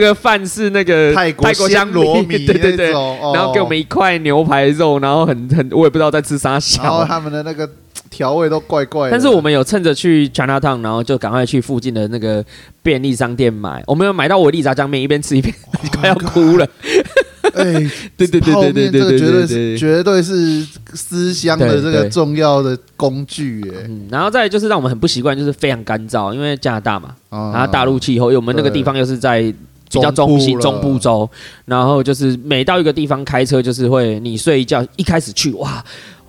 個飯是那個泰國，泰國香米泰國羅米， (laughs) 對對對、哦，然後給我們一塊牛排肉，然後很很我也不知道在吃啥小、啊，然後他們的那個。調味都怪怪的，但是我們有趁着去 China Town，然後就趕快去附近的那個便利商店買。我們有買到維力炸醬麵，一邊吃一邊快、oh、 (laughs) 要哭了。哎、欸，對對對對對對，對對絕對，絕對是對對對思鄉的這個重要的工具對，對嗯，然後再就是讓我們很不習慣，就是非常乾燥，因為加拿大嘛，然後大陸氣候，因為我們那個地方又是在比較中心中，中部州，然後就是每到一個地方開車，就是會你睡一覺，一開始去哇。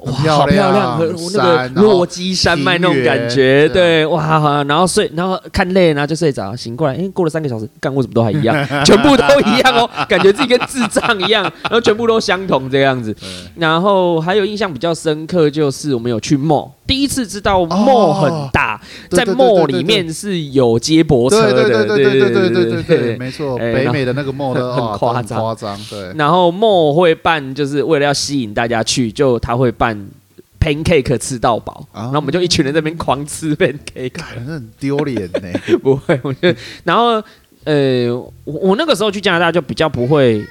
哇,哇，好漂亮，那個洛基山脈那種感覺，對，哇，然後睡，然後看累，然後就睡着，醒過來，欸，過了三個小時，幹過什麼都還一樣， (laughs) 全部都一樣哦， (laughs) 感覺自己跟智障一樣， (laughs) 然後全部都相同這樣子，然後還有印象比較深刻就是我們有去冒。第一次知道 Mall 很大，oh, 在 Mall 裡面是有接駁車的。對對對對對對對對對，沒錯，北美的那個 Mall、欸、很誇張。哦、誇張對。然後 Mall 會辦，就是為了要吸引大家去，就他會辦 pancake 吃到飽。Oh. 然後我們就一群人在那邊狂吃 pancake，、哎、那很丟臉呢、欸。 (laughs) 不會，我覺得。然後呃，我我那個時候去加拿大就比較不會。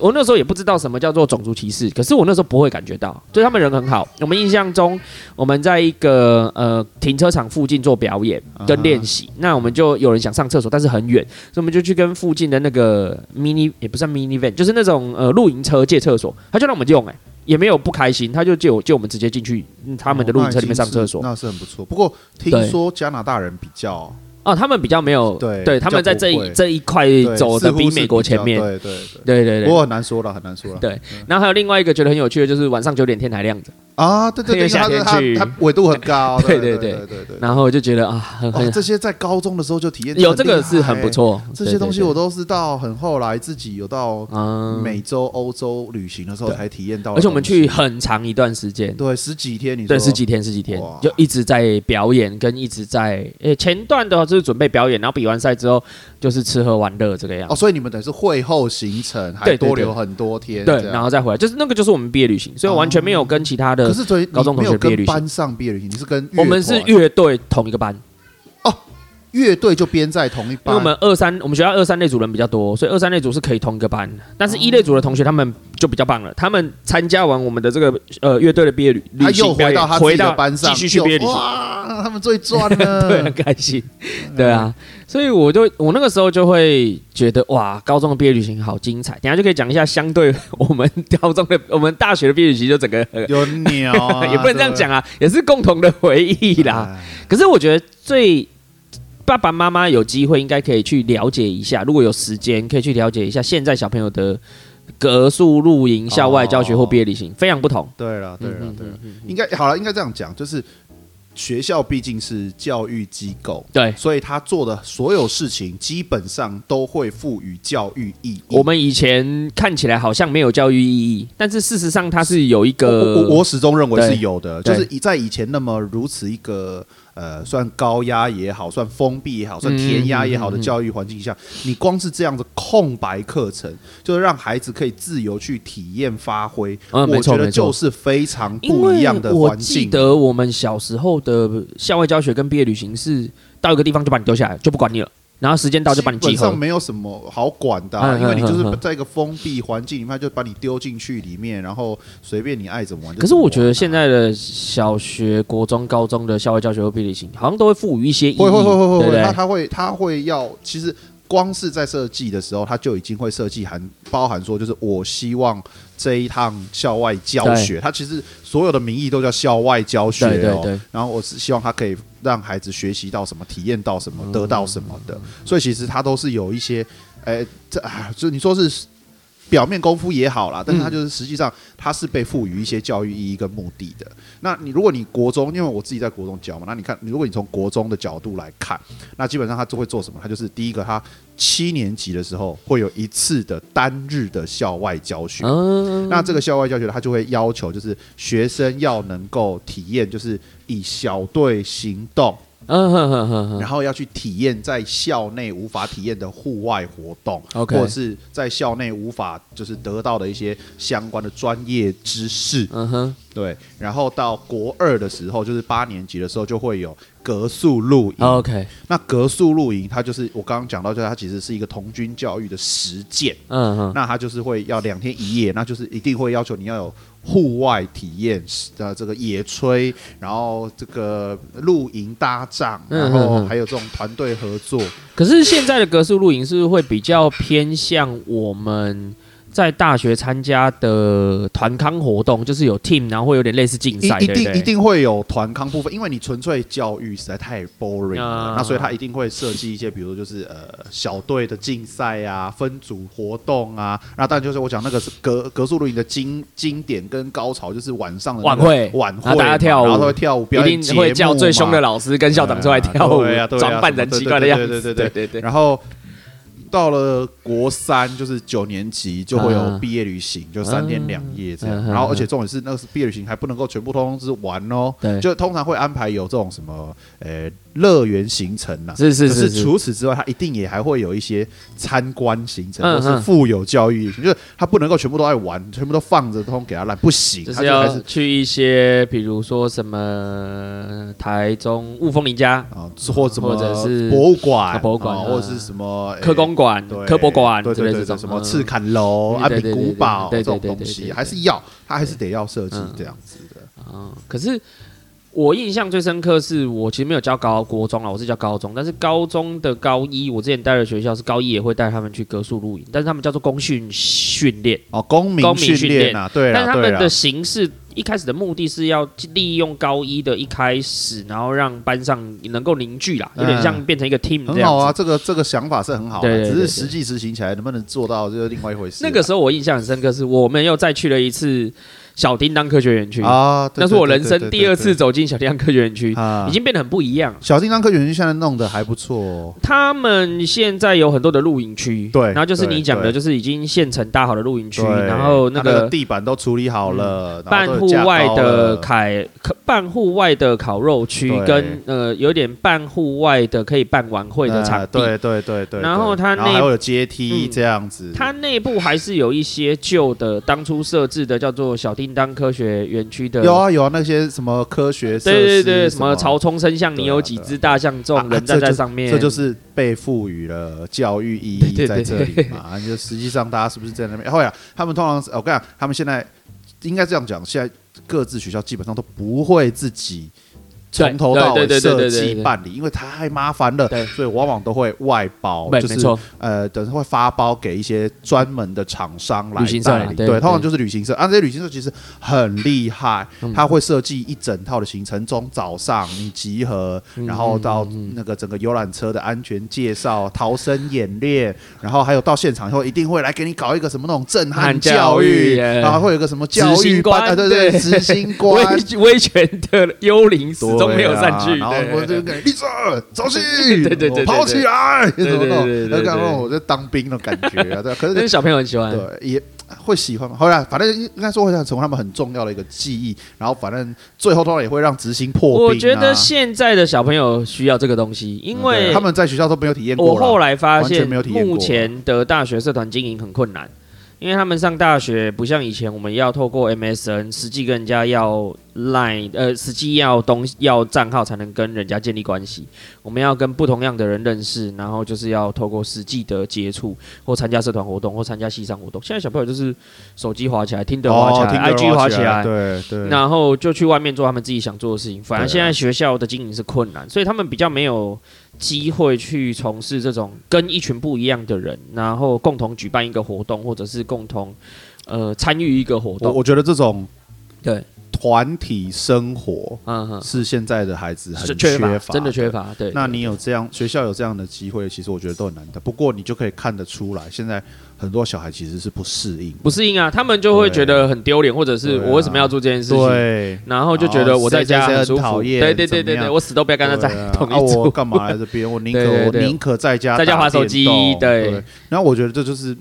我那時候也不知道什麼叫做種族歧視，可是我那時候不會感覺到，就他們人很好。我們印象中，我們在一個呃停車場附近做表演跟練習，Uh-huh. 那我們就有人想上廁所，但是很遠，所以我們就去跟附近的那個 mini 也不算 mini van，就是那種呃露營車借廁所，他就讓我們用、欸，哎，也沒有不開心，他就借我借我們直接進去他們的露營車裡面上廁所、Oh, 那，那是很不錯。不過聽說加拿大人比較。哦，他們比較沒有對，對，他們在這一這一塊走的比美國前面，對對對，我不過很難說了，很難說了。對、嗯，然後還有另外一個覺得很有趣的，就是晚上九點天還亮着。啊，對對對，他他他，他緯度很高，對對對對對。 (laughs) 然後我就覺得啊，很好，哦。這些在高中的時候就體驗有這個是很不錯。對對對對，這些東西我都是到很後來自己有到嗯美洲、歐洲旅行的時候才體驗到，嗯。而且我們去很長一段時間，對，十幾天你，你對，十幾天，十幾天，就一直在表演，跟一直在誒前段的話就是準備表演，然後比完賽之後就是吃喝玩樂這個樣。哦，所以你們等於是會後行程，對，多留很多天對對對，對，然後再回來，就是那個就是我們畢業旅行，所以我完全沒有跟其他的，嗯。可是，所以你沒有跟班上畢業旅行？你是跟，我們是樂隊同一個班。樂隊就編在同一班。因為我們二三，我們學校二三類組人比較多，所以二三類組是可以同一個班。但是一類組的同學，他們就比較棒了。他們參加完我們的這個呃樂隊的畢業旅行，他又回到回到班上，繼續去畢業旅行。哇，他們最賺了， (laughs) 對，很開心、嗯。對啊，所以我就我那個時候就會覺得哇，高中的畢業旅行好精彩。等下就可以講一下相對我們高中的我們大學的畢業旅行，就整個有鳥、啊， (laughs) 也不能這樣講啊，也是共同的回憶啦。嗯、可是我覺得最。爸爸媽媽有機會應該可以去了解一下，如果有時間可以去了解一下現在小朋友的隔宿露營、校外教學或畢業旅行哦哦哦哦非常不同。對了，對了，對了，對了應該好了，應該這樣講，就是學校畢竟是教育機構，對，所以他做的所有事情基本上都會賦予教育意義。我們以前看起來好像沒有教育意義，但是事實上它是有一個，我,我,我始終認為是有的，就是以在以前那麼如此一個。呃，算高壓也好，算封閉也好，算填壓也好的教育環境下嗯嗯嗯嗯嗯，你光是這樣的空白課程，就是讓孩子可以自由去體驗、發揮、哦。我覺得就是非常不一樣的環境。沒錯，沒錯。我記得我們小時候的校外教學跟畢業旅行是到一個地方就把你丟下來，就不管你了。然後時間到就把你了，基本上沒有什麼好管的、啊啊，因為你就是在一個封閉環境裡面，就把你丟進去裡面，然後隨便你愛怎麼玩，怎麼玩、啊。可是我覺得現在的小學、國中、高中的校外教學和畢業旅行，好像都會賦予一些意義，會會會會會,會對對他，他會他會要其實。光是在設計的時候，他就已經會設計含包含說，就是我希望這一趟校外教學，他其實所有的名義都叫校外教學哦。然後我是希望他可以讓孩子學習到什麼、體驗到什麼、嗯、得到什麼的。所以其實他都是有一些，哎、欸，這啊，就你說是表面功夫也好啦，但是他就是實際上他是被賦予一些教育意義跟目的的、嗯。那你如果你國中，因為我自己在國中教嘛，那你看，你如果你從國中的角度來看，那基本上他就會做什麼？他就是第一個，他。七年級的時候會有一次的單日的校外教學，嗯、那這個校外教學它就會要求，就是學生要能夠體驗，就是以小隊行動、嗯哼哼哼哼，然後要去體驗在校內無法體驗的戶外活動，嗯、或者是在校內無法就是得到的一些相關的專業知識。嗯哼，對，然後到國二的時候，就是八年級的時候就會有。隔宿露營、oh, okay，那隔宿露營，它就是我剛剛講到，就是它其實是一個童軍教育的實踐。嗯，那它就是會要兩天一夜，那就是一定會要求你要有戶外體驗的這個野炊，然後這個露營搭帳，然後還有這種團隊合作。嗯、哼哼。可是現在的隔宿露營是，是會比較偏向我們。在大學參加的團康活動，就是有 team，然後會有點類似競賽，對不對？一定一定會有團康部分，因為你純粹教育實在太 boring，呃、那所以他一定會設計一些，比如就是呃小隊的競賽啊，分組活動啊，那當然就是我講那個是隔隔宿露營的經經典跟高潮，就是晚上的那個、晚會、晚會，大家跳舞，然後他會跳舞，一定會叫最兇的老師跟校長出來跳舞，裝、啊啊啊啊啊、扮成奇怪的樣子，對對對對對對、對、對、對、對、對，然後。到了國三，就是九年級，就會有畢業旅行，啊、就三天兩夜這樣。啊、然後，而且重點是，那個畢業旅行還不能夠全部通通就是玩哦，對，就通常會安排有這種什麼，誒、欸。樂園行程啊，是是是，是，除此之外，他一定也還會有一些參觀行程、嗯，或是富有教育行，就是他不能夠全部都在玩，全部都放着通給他來，不行，這，就是要就是去一些，比如說什麼台中霧峰林家啊，或者或者是博物館、博物館、啊，或者是什麼科、嗯、工館、欸、科博館之類的，什麼赤崁樓、安、嗯、平、啊、古堡對對對對，這種東西，對對對對還是要他還是得要設計這樣子的嗯、啊，可是。我印象最深刻是我其實沒有教高國中了，我是教高中，但是高中的高一，我之前待的學校是高一也會帶他們去隔宿露營，但是他們叫做公訓訓練哦，公民訓練啊，對啦，對啦，但他們的形式一開始的目的是要利用高一的一開始，然後讓班上能夠凝聚啦，有點像變成一個 team、嗯。很好啊，這個這個想法是很好的，只是實際執行起來能不能做到這是另外一回事。那個時候我印象很深刻，是我們又再去了一次。小叮噹科學園區啊，對對對對對對對對，那是我人生第二次走進小叮噹科學園區，啊，已經變得很不一樣。小叮噹科學園區現在弄得還不錯。哦，他們現在有很多的露營區，對，然後就是你講的，就是已經現成搭好的露營區，然後、那個、那個地板都處理好了，半、嗯、戶外的凱克。半戶外的烤肉區跟呃，有點半戶外的可以辦晚會的場地，對對對，對，對，對，然後它內部有階梯這樣子。它、嗯、內部還是有一些舊的，當初設置的叫做“小叮當科學園區”的。有啊有啊，那些什麼科學設施，對對對什麼曹沖稱象，你有幾隻大象重、啊啊啊啊啊啊、人站在上面、啊這，這就是被賦予了教育意義在這裡嘛！就實際上大家是不是在那邊？會呀、啊，他們通常是，我跟你講他們現在。應該這樣講，現在各自學校基本上都不會自己。從頭到尾設計辦理，對對對對對對，因為太麻煩了。對，所以往往都會外包，就是沒錯呃，等會發包給一些專門的廠商來辦理、啊。對，通常就是旅行社，啊、這些旅行社其實很厲害，他、嗯、會設計一整套的行程，中，早上你集合、嗯，然後到那個整個遊覽車的安全介紹、嗯、逃生演練，然後還有到現場以後一定會來給你搞一個什麼那種震撼教育，教育欸、然後還會有個什麼教育官、呃、對，對對，執行官、 (laughs) 威權的幽靈所。啊、都沒有散去，然後我就感覺立正，走起，對對對,對，跑起來，對對對,對,對,對那，那看讓我在當兵的感覺啊！ (laughs) 對，可是小朋友很喜歡，對，也會喜歡嘛。後來反正應該說會成為他們很重要的一個記憶，然後反正最後當然也會讓執行破、啊。我覺得現在的小朋友需要這個東西，因為、嗯啊、他們在學校都沒有體驗過。我後來發現，目前的大學社團經營很困難，因為他們上大學不像以前，我們要透過 MSN 實際跟人家要。Line, 呃，實際要東要賬號才能跟人家建立關係。我們要跟不同樣的人認識，然後就是要透過實際的接觸，或參加社團活動，或參加系上活動。現在小朋友就是手機滑起來，聽的滑起來，哦，IG 滑起來，對對，然後就去外面做他們自己想做的事情。反而現在學校的經營是困難，所以他們比較沒有機會去從事這種跟一群不一樣的人，然後共同舉辦一個活動，或者是共同呃參與一個活動。我，我覺得這種對。團體生活，嗯哼，是現在的孩子，很缺乏，真的缺乏。對，那你有這樣，學校有這樣的機會，其實我覺得都很難得。不過你就可以看得出來，現在很多小孩其實是不適應，不適應啊，他們就會覺得很丟臉，或者是我為什麼要做這件事情？對、啊，然後就覺得我在家很討厭，對對對對，對我死都不要跟他在同一組，啊啊。我幹嘛來這邊？我寧可我寧可在家在家滑手機。對，然後我覺得這就是。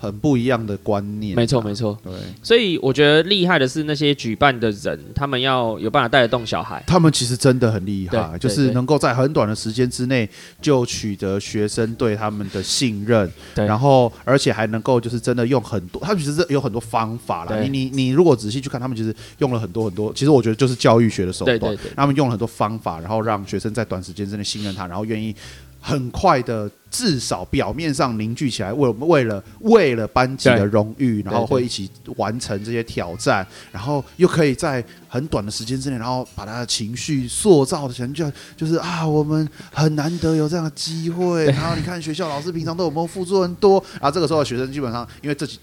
很不一樣的觀念，沒錯沒錯，對，所以我覺得厲害的是那些舉辦的人，他們要有辦法帶得動小孩。他們其實真的很厲害，就是能夠在很短的時間之內就取得學生對他們的信任，然後而且還能夠就是真的用很多，他們其實有很多方法啦。你你你如果仔細去看，他們其實用了很多很多，其實我覺得就是教育學的手段，他們用了很多方法，然後讓學生在短時間之內信任他，然後願意。很快的，至少表面上凝聚起來，為我們為了為了班級的榮譽，然後會一起完成這些挑戰，然後又可以在很短的時間之內，然後把他的情緒塑造起來。就是啊，我們很難得有這樣的機會，然後你看學校老師平常都有沒有付出很多，然後這個時候的學生基本上因為這幾。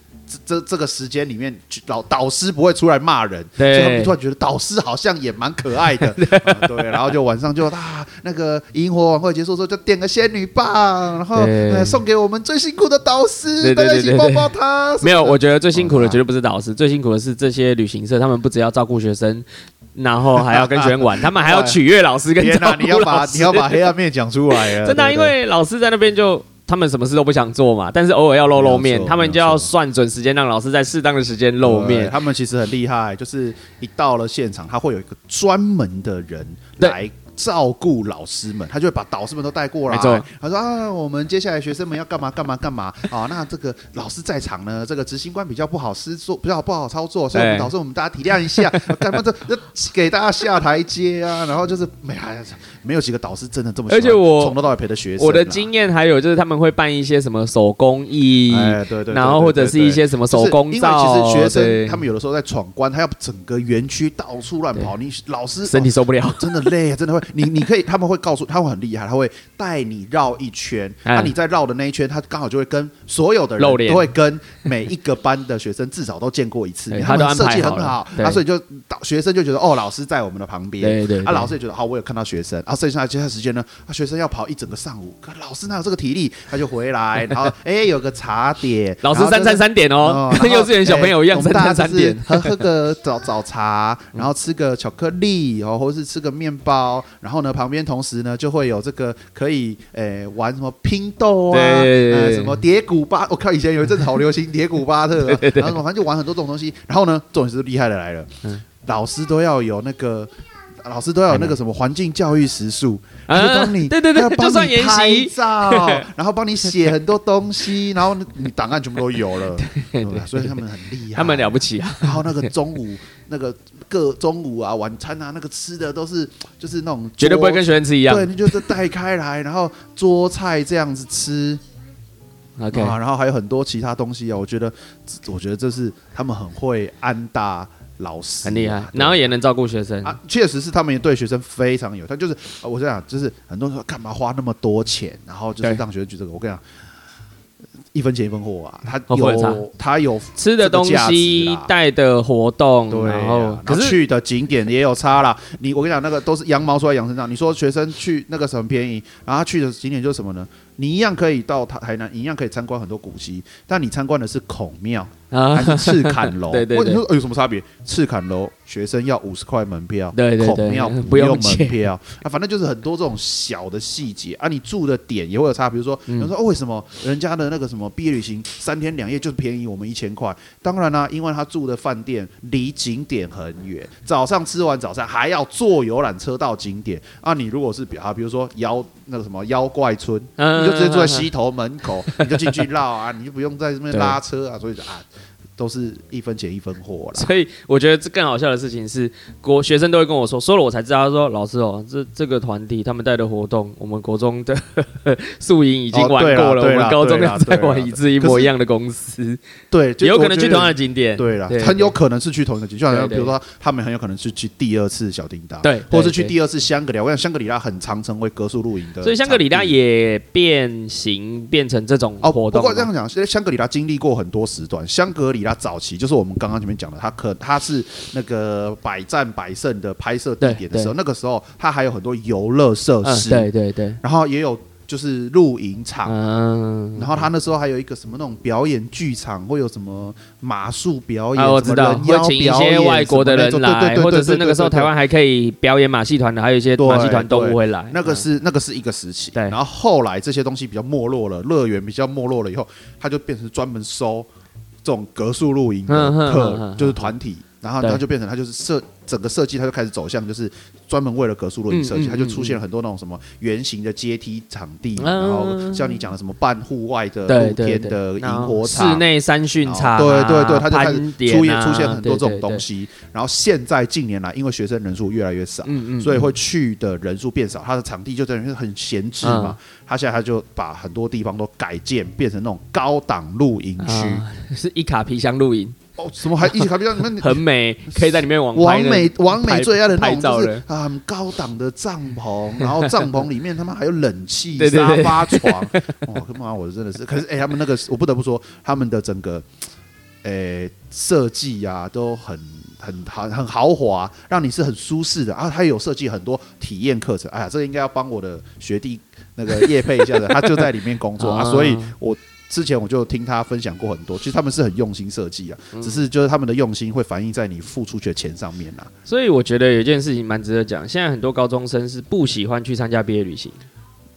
這這個時間裡面，老，導師不會出來罵人，就突然覺得導師好像也蠻可愛的，對。嗯、對然後就晚上就啊，那個營火晚會結束之後，就點個仙女棒，然後、呃、送給我們最辛苦的導師，大家一起抱抱他。沒有，我覺得最辛苦的絕對不是導師，哦，最辛苦的是這些旅行社，他們不只要照顧學生，然後還要跟學生玩，他們還要取悅老師，跟老師。天哪，你要把你要把黑暗面講出來 (laughs) 啊。真的，因為老師在那邊就。他們什麼事都不想做嘛，但是偶爾要露露面，他們就要算準時間，讓老師在適當的時間露面。他們其實很厲害，就是一到了現場，他會有一個專門的人來。照顧老師們，他就會把導師們都帶過來。哎、他說啊，我們接下來學生們要幹嘛幹嘛幹嘛啊？那這個老師在場呢，這個執行官比較不好施作，比較不好操作，所以導師我們大家體諒一下，幹嘛這這給大家下台階啊？然後就是沒有沒有幾個導師真的這麼而且我從頭到尾陪着學生。我的經驗還有就是他們會辦一些什麼手工藝，哎、對，對，對，對對，然後或者是一些什麼手工皂。就是、因為其實學生他們有的時候在闖關，他要整個園區到處亂跑，你老師、哦、身體受不了，哦、真的累，啊，真的會。 (laughs) 你你可以，他們會告訴他會很厲害，他會帶你繞一圈，那、啊啊、你在繞的那一圈，他剛好就會跟所有的人都會跟每一個班的學生 (laughs) 至少都見過一次。他都設計很好，他好、啊、所以就學生就覺得哦，老師在我們的旁邊，對對，對。啊，老師也覺得好、哦，我有看到學生。啊，剩下接下來時間呢，他、啊、學生要跑一整個上午，可老師哪有這個體力？他就回來，然後哎， (laughs) 有個茶點，就是、老師三餐三點哦，跟、哦、 (laughs) 幼稚園小朋友一樣，三餐三點、就是、 (laughs) 喝喝個早早茶，然後吃個巧克力，然、哦、後或是吃個麵包。然後呢，旁邊同時呢就會有這個可以誒玩什麼拼豆啊，對對對，呃什麼蝶谷巴，我、哦、靠，以前有一陣子好流行蝶谷 (laughs) 巴特對對對，然後反正就玩很多這種東西。然後呢，重點是厲害的來了，嗯、老師都要有那個。老師都要有那個什麼環境教育時數，然後幫你、啊，對對對，幫你拍照，然後幫你寫很多東西， (laughs) 然後你檔案全部都有了， (laughs) 對，對，對，對吧？所以他們很厲害，他們了不起啊！然後那個中午， (laughs) 那個各中午啊、晚餐啊，那個吃的都是就是那種絕對不會跟學生吃一樣，對，那就是帶開來，然後桌菜這樣子吃那 k、okay 啊、然後還有很多其他東西啊，我覺得，我覺得這是他們很會安搭。老師很厲害，然後也能照顧學生啊,啊，確實是他們也對學生非常有。他就是，我這樣就是，很多人說幹嘛花那麼多錢，然後就是讓學生去這個。我跟你講，一分錢一分貨啊，他有他有吃的東西，帶的活動，然後去的景點也有差了。你我跟你講，那個都是羊毛出在羊身上。你說學生去那個什麼便宜，然後他去的景點就是什麼呢？你一樣可以到台南，一樣可以參觀很多古蹟，但你參觀的是孔廟，還是赤坎樓，啊哎？有什麼差別？赤坎樓。學生要五十塊門票，對孔廟不，不用門票，啊，反正就是很多這種小的細節啊。你住的點也會有差，比如說，你、嗯、說、哦、為什麼人家的那個什麼畢業旅行三天兩夜就便宜我們一千塊？當然啦，啊，因為他住的飯店離景點很遠，早上吃完早餐還要坐遊覽車到景點。啊，你如果是比啊，比如說妖那個什麼妖怪村，你就直接住在溪頭門口，你就進去繞啊，你就不用在這邊拉車啊， (laughs) 所以就啊。都是一分錢一分貨了，所以我覺得這更好笑的事情是，國學生都會跟我說，說了我才知道，他說老師哦、喔，這這個團體他們帶的活動，我們國中的宿營已經玩過了，哦、我們高中要再玩一次，一模一樣的公司，對，也有可能去同樣的景點，對了，很有可能是去同一個景點，就好像對對對，比如說他們很有可能是去，去第二次小叮噹，對，對，對，或是去第二次香格里拉，我想香格里拉很常成為隔宿露營的，所以香格里拉也變形變成這種哦活動哦。不過這樣講，其實香格里拉經歷過很多時段，香格里。比較早期，就是我們剛剛前面講的，他可他是那個百戰百勝的拍攝地點的時候，那個時候他還有很多遊樂設施，啊、對對對，然後也有就是露營場，啊，然後他那時候還有一個什麼那種表演劇場，會、啊、有，有什麼馬術表演，啊什麼啊，我知道邀請一些外國的人，的人來對對對對對對對對，或者是那個時候台灣還可以表演馬戲團的，還有一些馬戲團都會來，啊，那個是那個是一個時期對。然後後來這些東西比較沒落了，樂園比較沒落了以後，他就變成專門收。這種隔宿露營的特，就是團體，呵呵呵，然後它就變成它就是設整個設計它就開始走向，就是專門為了隔宿露營設計，它就出現了很多那種什麼圓形的階梯場地、嗯，然後像你講的什麼半戶外的露天的營火場、對對對，室內山訓場，對對對，它就開始出現、啊、出現很多這種東西。對對對對，然後現在近年來，因為學生人數越來越少、嗯嗯，所以會去的人數變少，它的場地就等於很閒置嘛。他、嗯嗯、現在他就把很多地方都改建，變成那種高檔露營區、嗯，是一卡皮箱露營。哦，什麼還一起考比較？你們很美，可以在裡面玩。網美，網美最愛的那種，就是很、嗯、高檔的帳篷，然後帳篷裡面 (laughs) 他們還有冷氣、 (laughs) 沙發巴、 (laughs) 床。哇、哦，他媽、啊，我真的是。可是，哎、欸，他們那個，我不得不說，他們的整個，哎、欸，設計呀，都很很好，很豪華，讓你是很舒適的。然、啊、後他有設計很多體驗課程。哎呀，這個應該要幫我的學弟那個業配一下的， (laughs) 他就在裡面工作 (laughs) 啊，所以我。之前我就聽他分享過很多，其實他們是很用心設計啊，嗯、只是就是他們的用心會反映在你付出去的錢上面呐、啊。所以我覺得有一件事情蠻值得講，現在很多高中生是不喜歡去參加畢業旅行。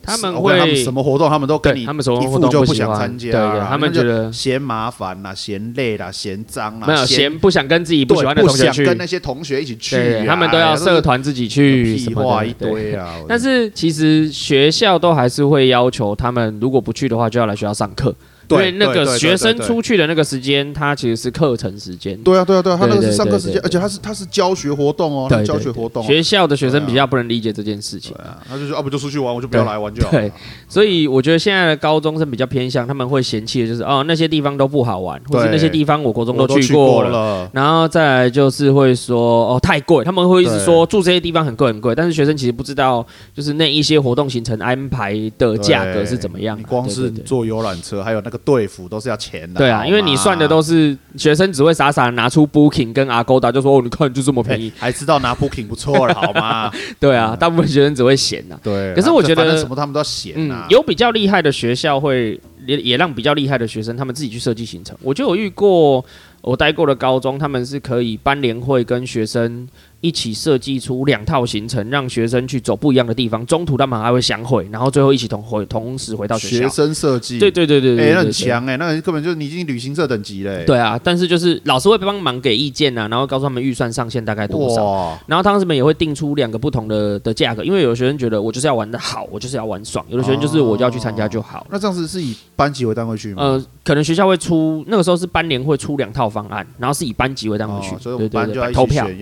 他們會 okay, 他們什麼活動，他們都跟你，他們什麼活動都不想參加。對，他們覺得嫌麻煩啦、啊，嫌累啦、啊，嫌髒啦、啊，沒有嫌，不想跟自己不喜歡的同學去，對，跟那些同學一起去、啊對對對，他們都要社團自己去，什麼，屁話一堆啊！但是其實學校都還是會要求他們，如果不去的話，就要來學校上課。因為那個學生出去的那個時間，他其實是課程時間。對啊，對、啊對啊，對啊，對啊，他那個是上課時間，而且他是他是教學活動哦，對對對對教學活動、哦。學校的學生比較不能理解這件事情。對啊，那、啊、就說要不、啊、就出去玩，我就不要來玩就好了對。對，所以我覺得現在的高中生比較偏向，他們會嫌棄的就是哦那些地方都不好玩，或是那些地方我國中都去過了。過了然後再來就是會說哦太貴，他們會一直說住這些地方很貴很貴。但是學生其實不知道，就是那一些活動行程安排的價格是怎麼樣的、啊。光是坐遊覽車，還有那個。對付都是要錢的。對啊，因為你算的都是學生只會傻傻的拿出 Booking 跟 Agoda，就說哦，你看就這麼便宜，還知道拿 Booking 不錯了， (laughs) 好嗎？對啊、嗯，大部分學生只會嫌吶。對，可是我覺得什麼他們都嫌？吶、嗯。有比較厲害的學校會也讓比較厲害的學生他們自己去設計行程。我就有遇過我待過的高中，他們是可以班聯會跟學生。一起設計出兩套行程，讓學生去走不一樣的地方。中途他們還會相會，然後最後一起同回同時回到學校。學生設計，對對對對，哎，很強哎，那、欸那個、根本就是你已經旅行社等級嘞、欸。對啊，但是就是老師會幫忙給意見啊，然後告訴他們預算上限大概多少。然後他們這邊也會定出兩個不同的的價格，因為有學生覺得我就是要玩的好，我就是要玩爽；有的學生就是我就要去參加就好、啊啊。那這樣子是以班級為單位去嗎？呃，可能學校會出那個時候是班聯會出兩套方案，然後是以班級為單位去，哦、所以我們班投票對，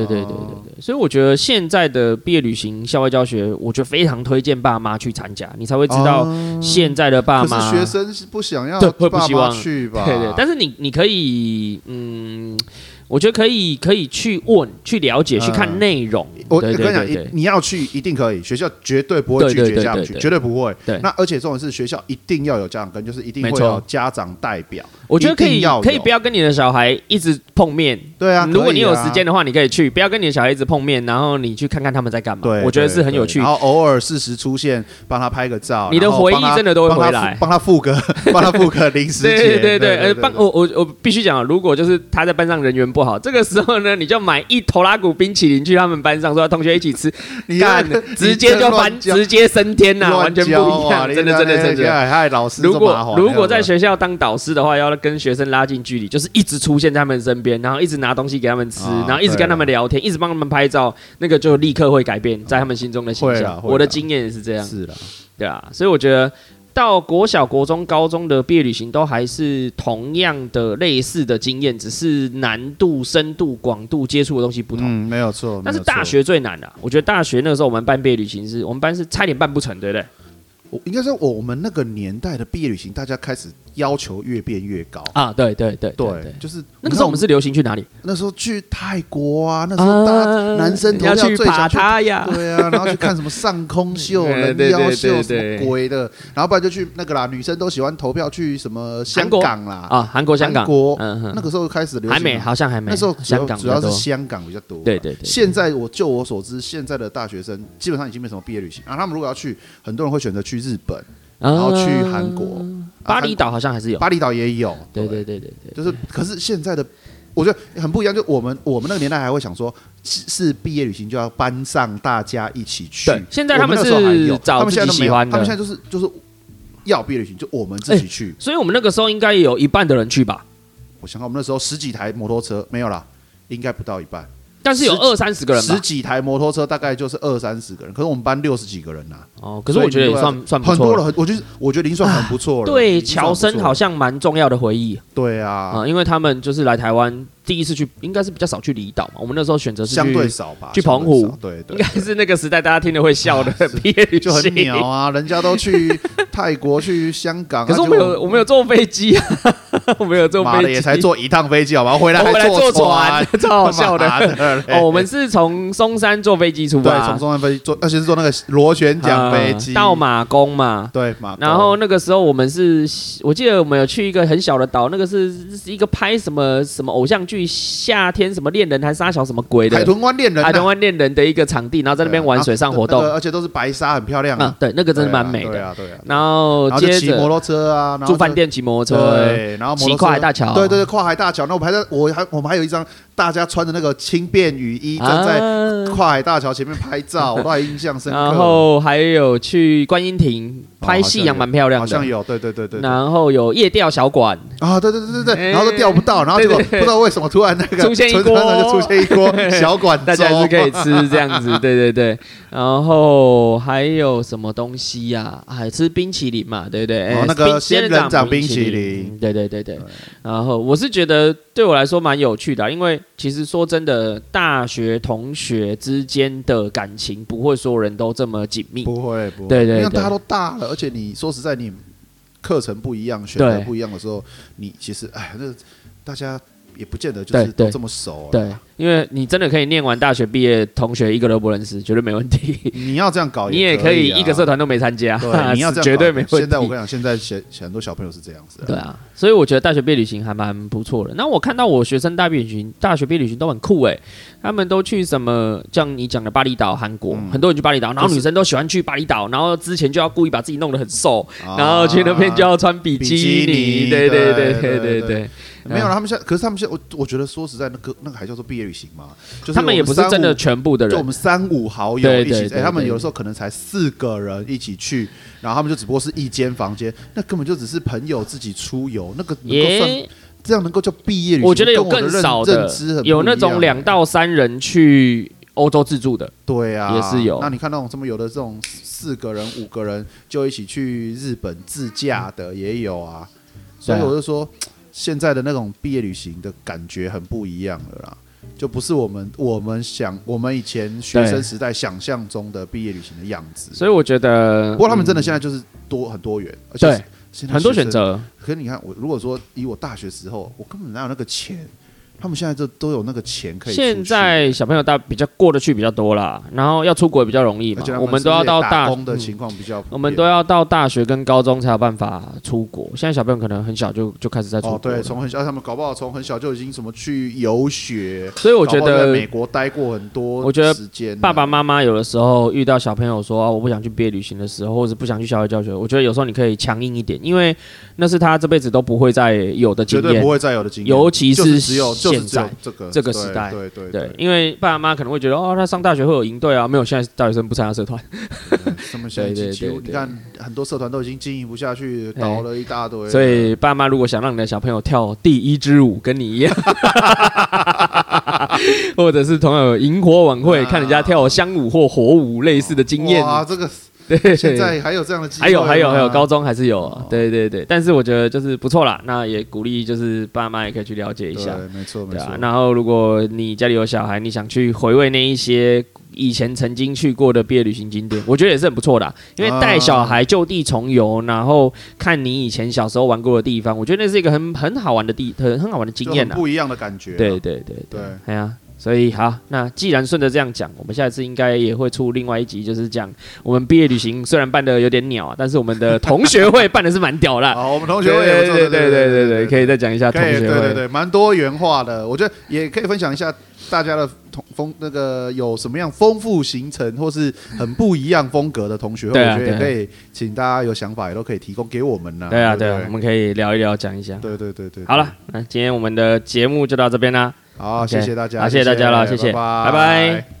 對，對對，對對對對對，所以我覺得現在的畢業旅行、校外教學，我覺得非常推薦爸媽去參加，你才會知道現在的爸媽，可是學生是不想要，對會不希望爸媽去吧？對，對對，但是你你可以嗯，我覺得可以可以去問、去了解、嗯、去看內容。我跟你講，你你要去一定可以，學校絕對不會拒絕家長去，對對對對對對對，絕對不會。對。那而且這種事學校一定要有家長跟，就是一定會有家長代表。我覺得可以，可以不要跟你的小孩一直碰面。對啊。如果你、啊、有時間的話，你可以去，不要跟你的小孩一直碰面，然後你去看看他們在幹嘛。對、對、對、對。我覺得是很有趣。對對對，然後偶爾適時出現，幫他拍個照，你的回憶真的都會回來，幫他復歌，幫他副歌臨時。對對對、對。呃，幫，我我我必須講，如果就是他在班上人緣不好，這個時候呢，你就買一坨拉骨冰淇淋去他們班上 (laughs) 和同學一起吃，你看直接就翻，直接升天吶，啊，完全不一樣，真的真的真的。嗨，老師，如果如果在學校當導師的話，要跟學生拉近距離，就是一直出現在他們身邊，然後一直拿東西給他們吃，然後一直跟他們聊天，一直幫他們拍照，那個就立刻會改變在他們心中的形象。我的經驗也是這樣，是的，對啊，所以我覺得。到國小、國中、高中的畢業旅行，都還是同樣的類似的經驗，只是難度、深度、廣度接觸的東西不同。嗯，沒有錯。但是大學最難的，啊，我覺得大學那時候我們辦畢業旅行是，我們班是差點辦不成，對不對？我應該說我們那個年代的畢業旅行，大家開始。要求越變越高啊！對對對對,對，就是那個時候我們是流行去哪裡？那時候去泰國啊，那時候大家男生投票最想去趴、啊、他呀，對啊，然後去看什麼上空秀、人妖秀、嗯、對對對對對對什麼鬼的，然後不然就去那個啦，女生都喜歡投票去什麼香港啦啊、哦，韓國、香港，嗯哼那個時候開始流行，好像還沒那時候香港主要是香港比較多，較多對對對,對。現在我就我所知，現在的大學生基本上已經沒什麼畢業旅行啊，他們如果要去，很多人會選擇去日本，啊、然後去韓國。巴厘島好像還是有，啊，巴厘島也有，對對，對對對對，對，就是，可是現在的，我覺得很不一樣，就我們我們那個年代還會想說，是，是畢業旅行就要班上大家一起去，對，現在他們是們有，有他們現在都沒，他們現在就是就是要畢業旅行就我們自己去。欸，所以我們那個時候應該有一半的人去吧，我想想，我們那時候十幾台摩托車沒有了，應該不到一半。但是有二三十個人，十幾台摩托車，大概就是二三十個人。可是我們班六十幾個人吶、啊。哦，可是我覺得算算不錯了，很多人，很我覺得我覺得已經算很不錯了。啊、對了，喬生好像蠻重要的回憶對啊，啊，因為他們就是來台灣第一次去，應該是比較少去離島嘛。我們那時候選擇是相對少吧，去澎湖。對，對，對，對，對，應該是那個時代大家聽得會笑的畢業旅行就很鳥啊， (laughs) 人家都去泰國、 (laughs) 去香港，可是我們有我們有坐飛機啊。 (laughs) (laughs) (laughs) 我們有坐飛機，也才坐一趟飛機，好吧？回來回來坐船， (laughs) 超好笑的。哦，我們是從松山坐飛機出發，從松山飛機坐，而且是坐那個螺旋槳飛機、啊。嗯、到馬公嘛，對馬公。然後那個時候我們是，我記得我們有去一個很小的島，那個是一個拍什麼什麼偶像劇《夏天什麼戀人》還是《殺小什麼鬼的《海豚灣戀人》《海豚灣戀人》的一個場地，然後在那邊玩水上活動、啊，而且都是白沙，很漂亮、啊。啊、對，那個真的蠻美的對啊。對、啊。啊啊啊、然後接着騎摩托車啊，住飯店騎摩托車，對，然後。跨海大橋對，對對對，跨海大橋。那我們還在，我還我們還有一張大家穿的那個輕便雨衣站、啊、在跨海大橋前面拍照，我都還印象深刻。 (laughs) 然後還有去觀音亭拍夕陽也蠻漂亮的。好像有，對對對對，對。然後有夜釣小管啊、哦，對對對對對、嗯。然後都釣不到，欸、然後就不知道為什麼突然那個船上就出現一鍋小管， (laughs) (laughs) 大家就可以吃這樣子。 (laughs) 對對對。然後還有什麼東西呀、啊？還吃冰淇淋嘛？對不對？哦，那個仙人掌冰淇淋，冰淇淋、嗯。對對對。對，對，對，然後我是覺得對我來說蠻有趣的啊，因為其實說真的，大學同學之間的感情不會所有人都這麼緊密，不會，不會，對對對對，因為大家都大了，而且你說實在，你課程不一樣，選擇不一樣的時候，你其實哎，那大家也不見得就是都這麼熟，對對，對。因為你真的可以念完大學畢業，同學一個都不認識，絕對沒問題。你要這樣搞、啊，你也可以一個社團都沒參加，對，哈哈你要這樣絕對沒問題。現在我跟你講，現在現很多小朋友是這樣子、啊。對啊，所以我覺得大學畢業旅行還蠻不錯的。那我看到我學生大學畢業旅行，大學畢業旅行都很酷哎、欸，他們都去什麼像你講的巴厘島、韓國、嗯，很多人去巴厘島，然後女生都喜歡去巴厘島，然後之前就要故意把自己弄得很瘦，啊、然後去那邊就要穿比基尼、比基尼，對對對對對對、對、對、對、對、對、對、啊，沒有他們現在，可是他們現在我我覺得說實在，那個那個還叫做畢業旅行。旅行嘛，就是、們他們也不是真的全部的人，就我們三五好友一起，對對對對對欸、他們有的時候可能才四個人一起去，然後他們就只不過是一間房間，那根本就只是朋友自己出遊，那個能夠算這樣能夠叫畢業旅行？我覺得有更少的，的認，認知很，有那種兩到三人去歐洲自助的，對啊，也是有。那你看那種什麼有的這種四個人、五個人就一起去日本自駕的也有啊，所以我就說、啊、現在的那種畢業旅行的感覺很不一樣了啦。就不是我們我們想我們以前學生時代想象中的畢業旅行的樣子，所以我覺得，不過他們真的現在就是多、嗯、很多元，而且對，很多選擇。可是你看我，我如果說以我大學時候，我根本哪有那個錢。他們現在這都有那個錢可以。現在小朋友大比較過得去比較多啦，然後要出國也比較容易嘛。我們都要到大，嗯、我們都要到大學跟高中才有辦法出國。現在小朋友可能很小就就開始在出國。哦，對，從很小他們搞不好從很小就已經什麼去遊學。所以我覺得美國待過很多，啊、我覺得爸爸媽媽有的時候遇到小朋友說、啊、我不想去畢業旅行的時候，或者不想去校外教學，我覺得有時候你可以強硬一點，因為那是他這輩子都不會再有的經驗，絕對不會再有的經驗，尤其是，是只有現在這個這個時代，對對對，對，對，因為爸媽可能會覺得哦，他上大學會有營隊啊，沒有，現在大學生不參加社團，對 (laughs) 對對，對，對，你看很多社團都已經經營不下去，倒了一大堆，所以爸媽如果想讓你的小朋友跳第一支舞，跟你一樣， (laughs) (laughs) (laughs) 或者是同樣有營火晚會、啊、看人家跳香舞或火舞類似的經驗，這個。對，現在還有這樣的機會有沒有？還有還有還有，高中還是有，哦，對對對。但是我覺得就是不錯啦，那也鼓勵就是爸媽也可以去了解一下，沒錯。沒錯、啊。然後如果你家裡有小孩，你想去回味那一些以前曾經去過的畢業旅行景點，嗯，我覺得也是很不錯的、啊。因為帶小孩就地重遊，然後看你以前小時候玩過的地方，我覺得那是一個很很好玩的地，很很好玩的經驗、啊、不一樣的感覺、啊。對對對對，哎呀。對啊。所以好，那既然順着這樣講，我們下一次應該也會出另外一集，就是講我們畢業旅行雖然辦的有點鳥啊，但是我們的同學會辦的是蠻屌的。 (laughs) 好，我們同學會也。對，對對對對對對，可以再講一下同學會。對對對，蠻多元化的，我覺得也可以分享一下大家的同豐那個有什麼樣豐富行程或是很不一樣風格的同學會，我覺得也可以請大家有想法也都可以提供給我們呢、啊。對啊，對，對，對啊，對啊，我們可以聊一聊，講一下。對對對對，對，好了，那今天我們的節目就到這邊啦、啊。好，okay. 謝謝大家，啊，謝謝大家了，謝謝，拜拜。Bye bye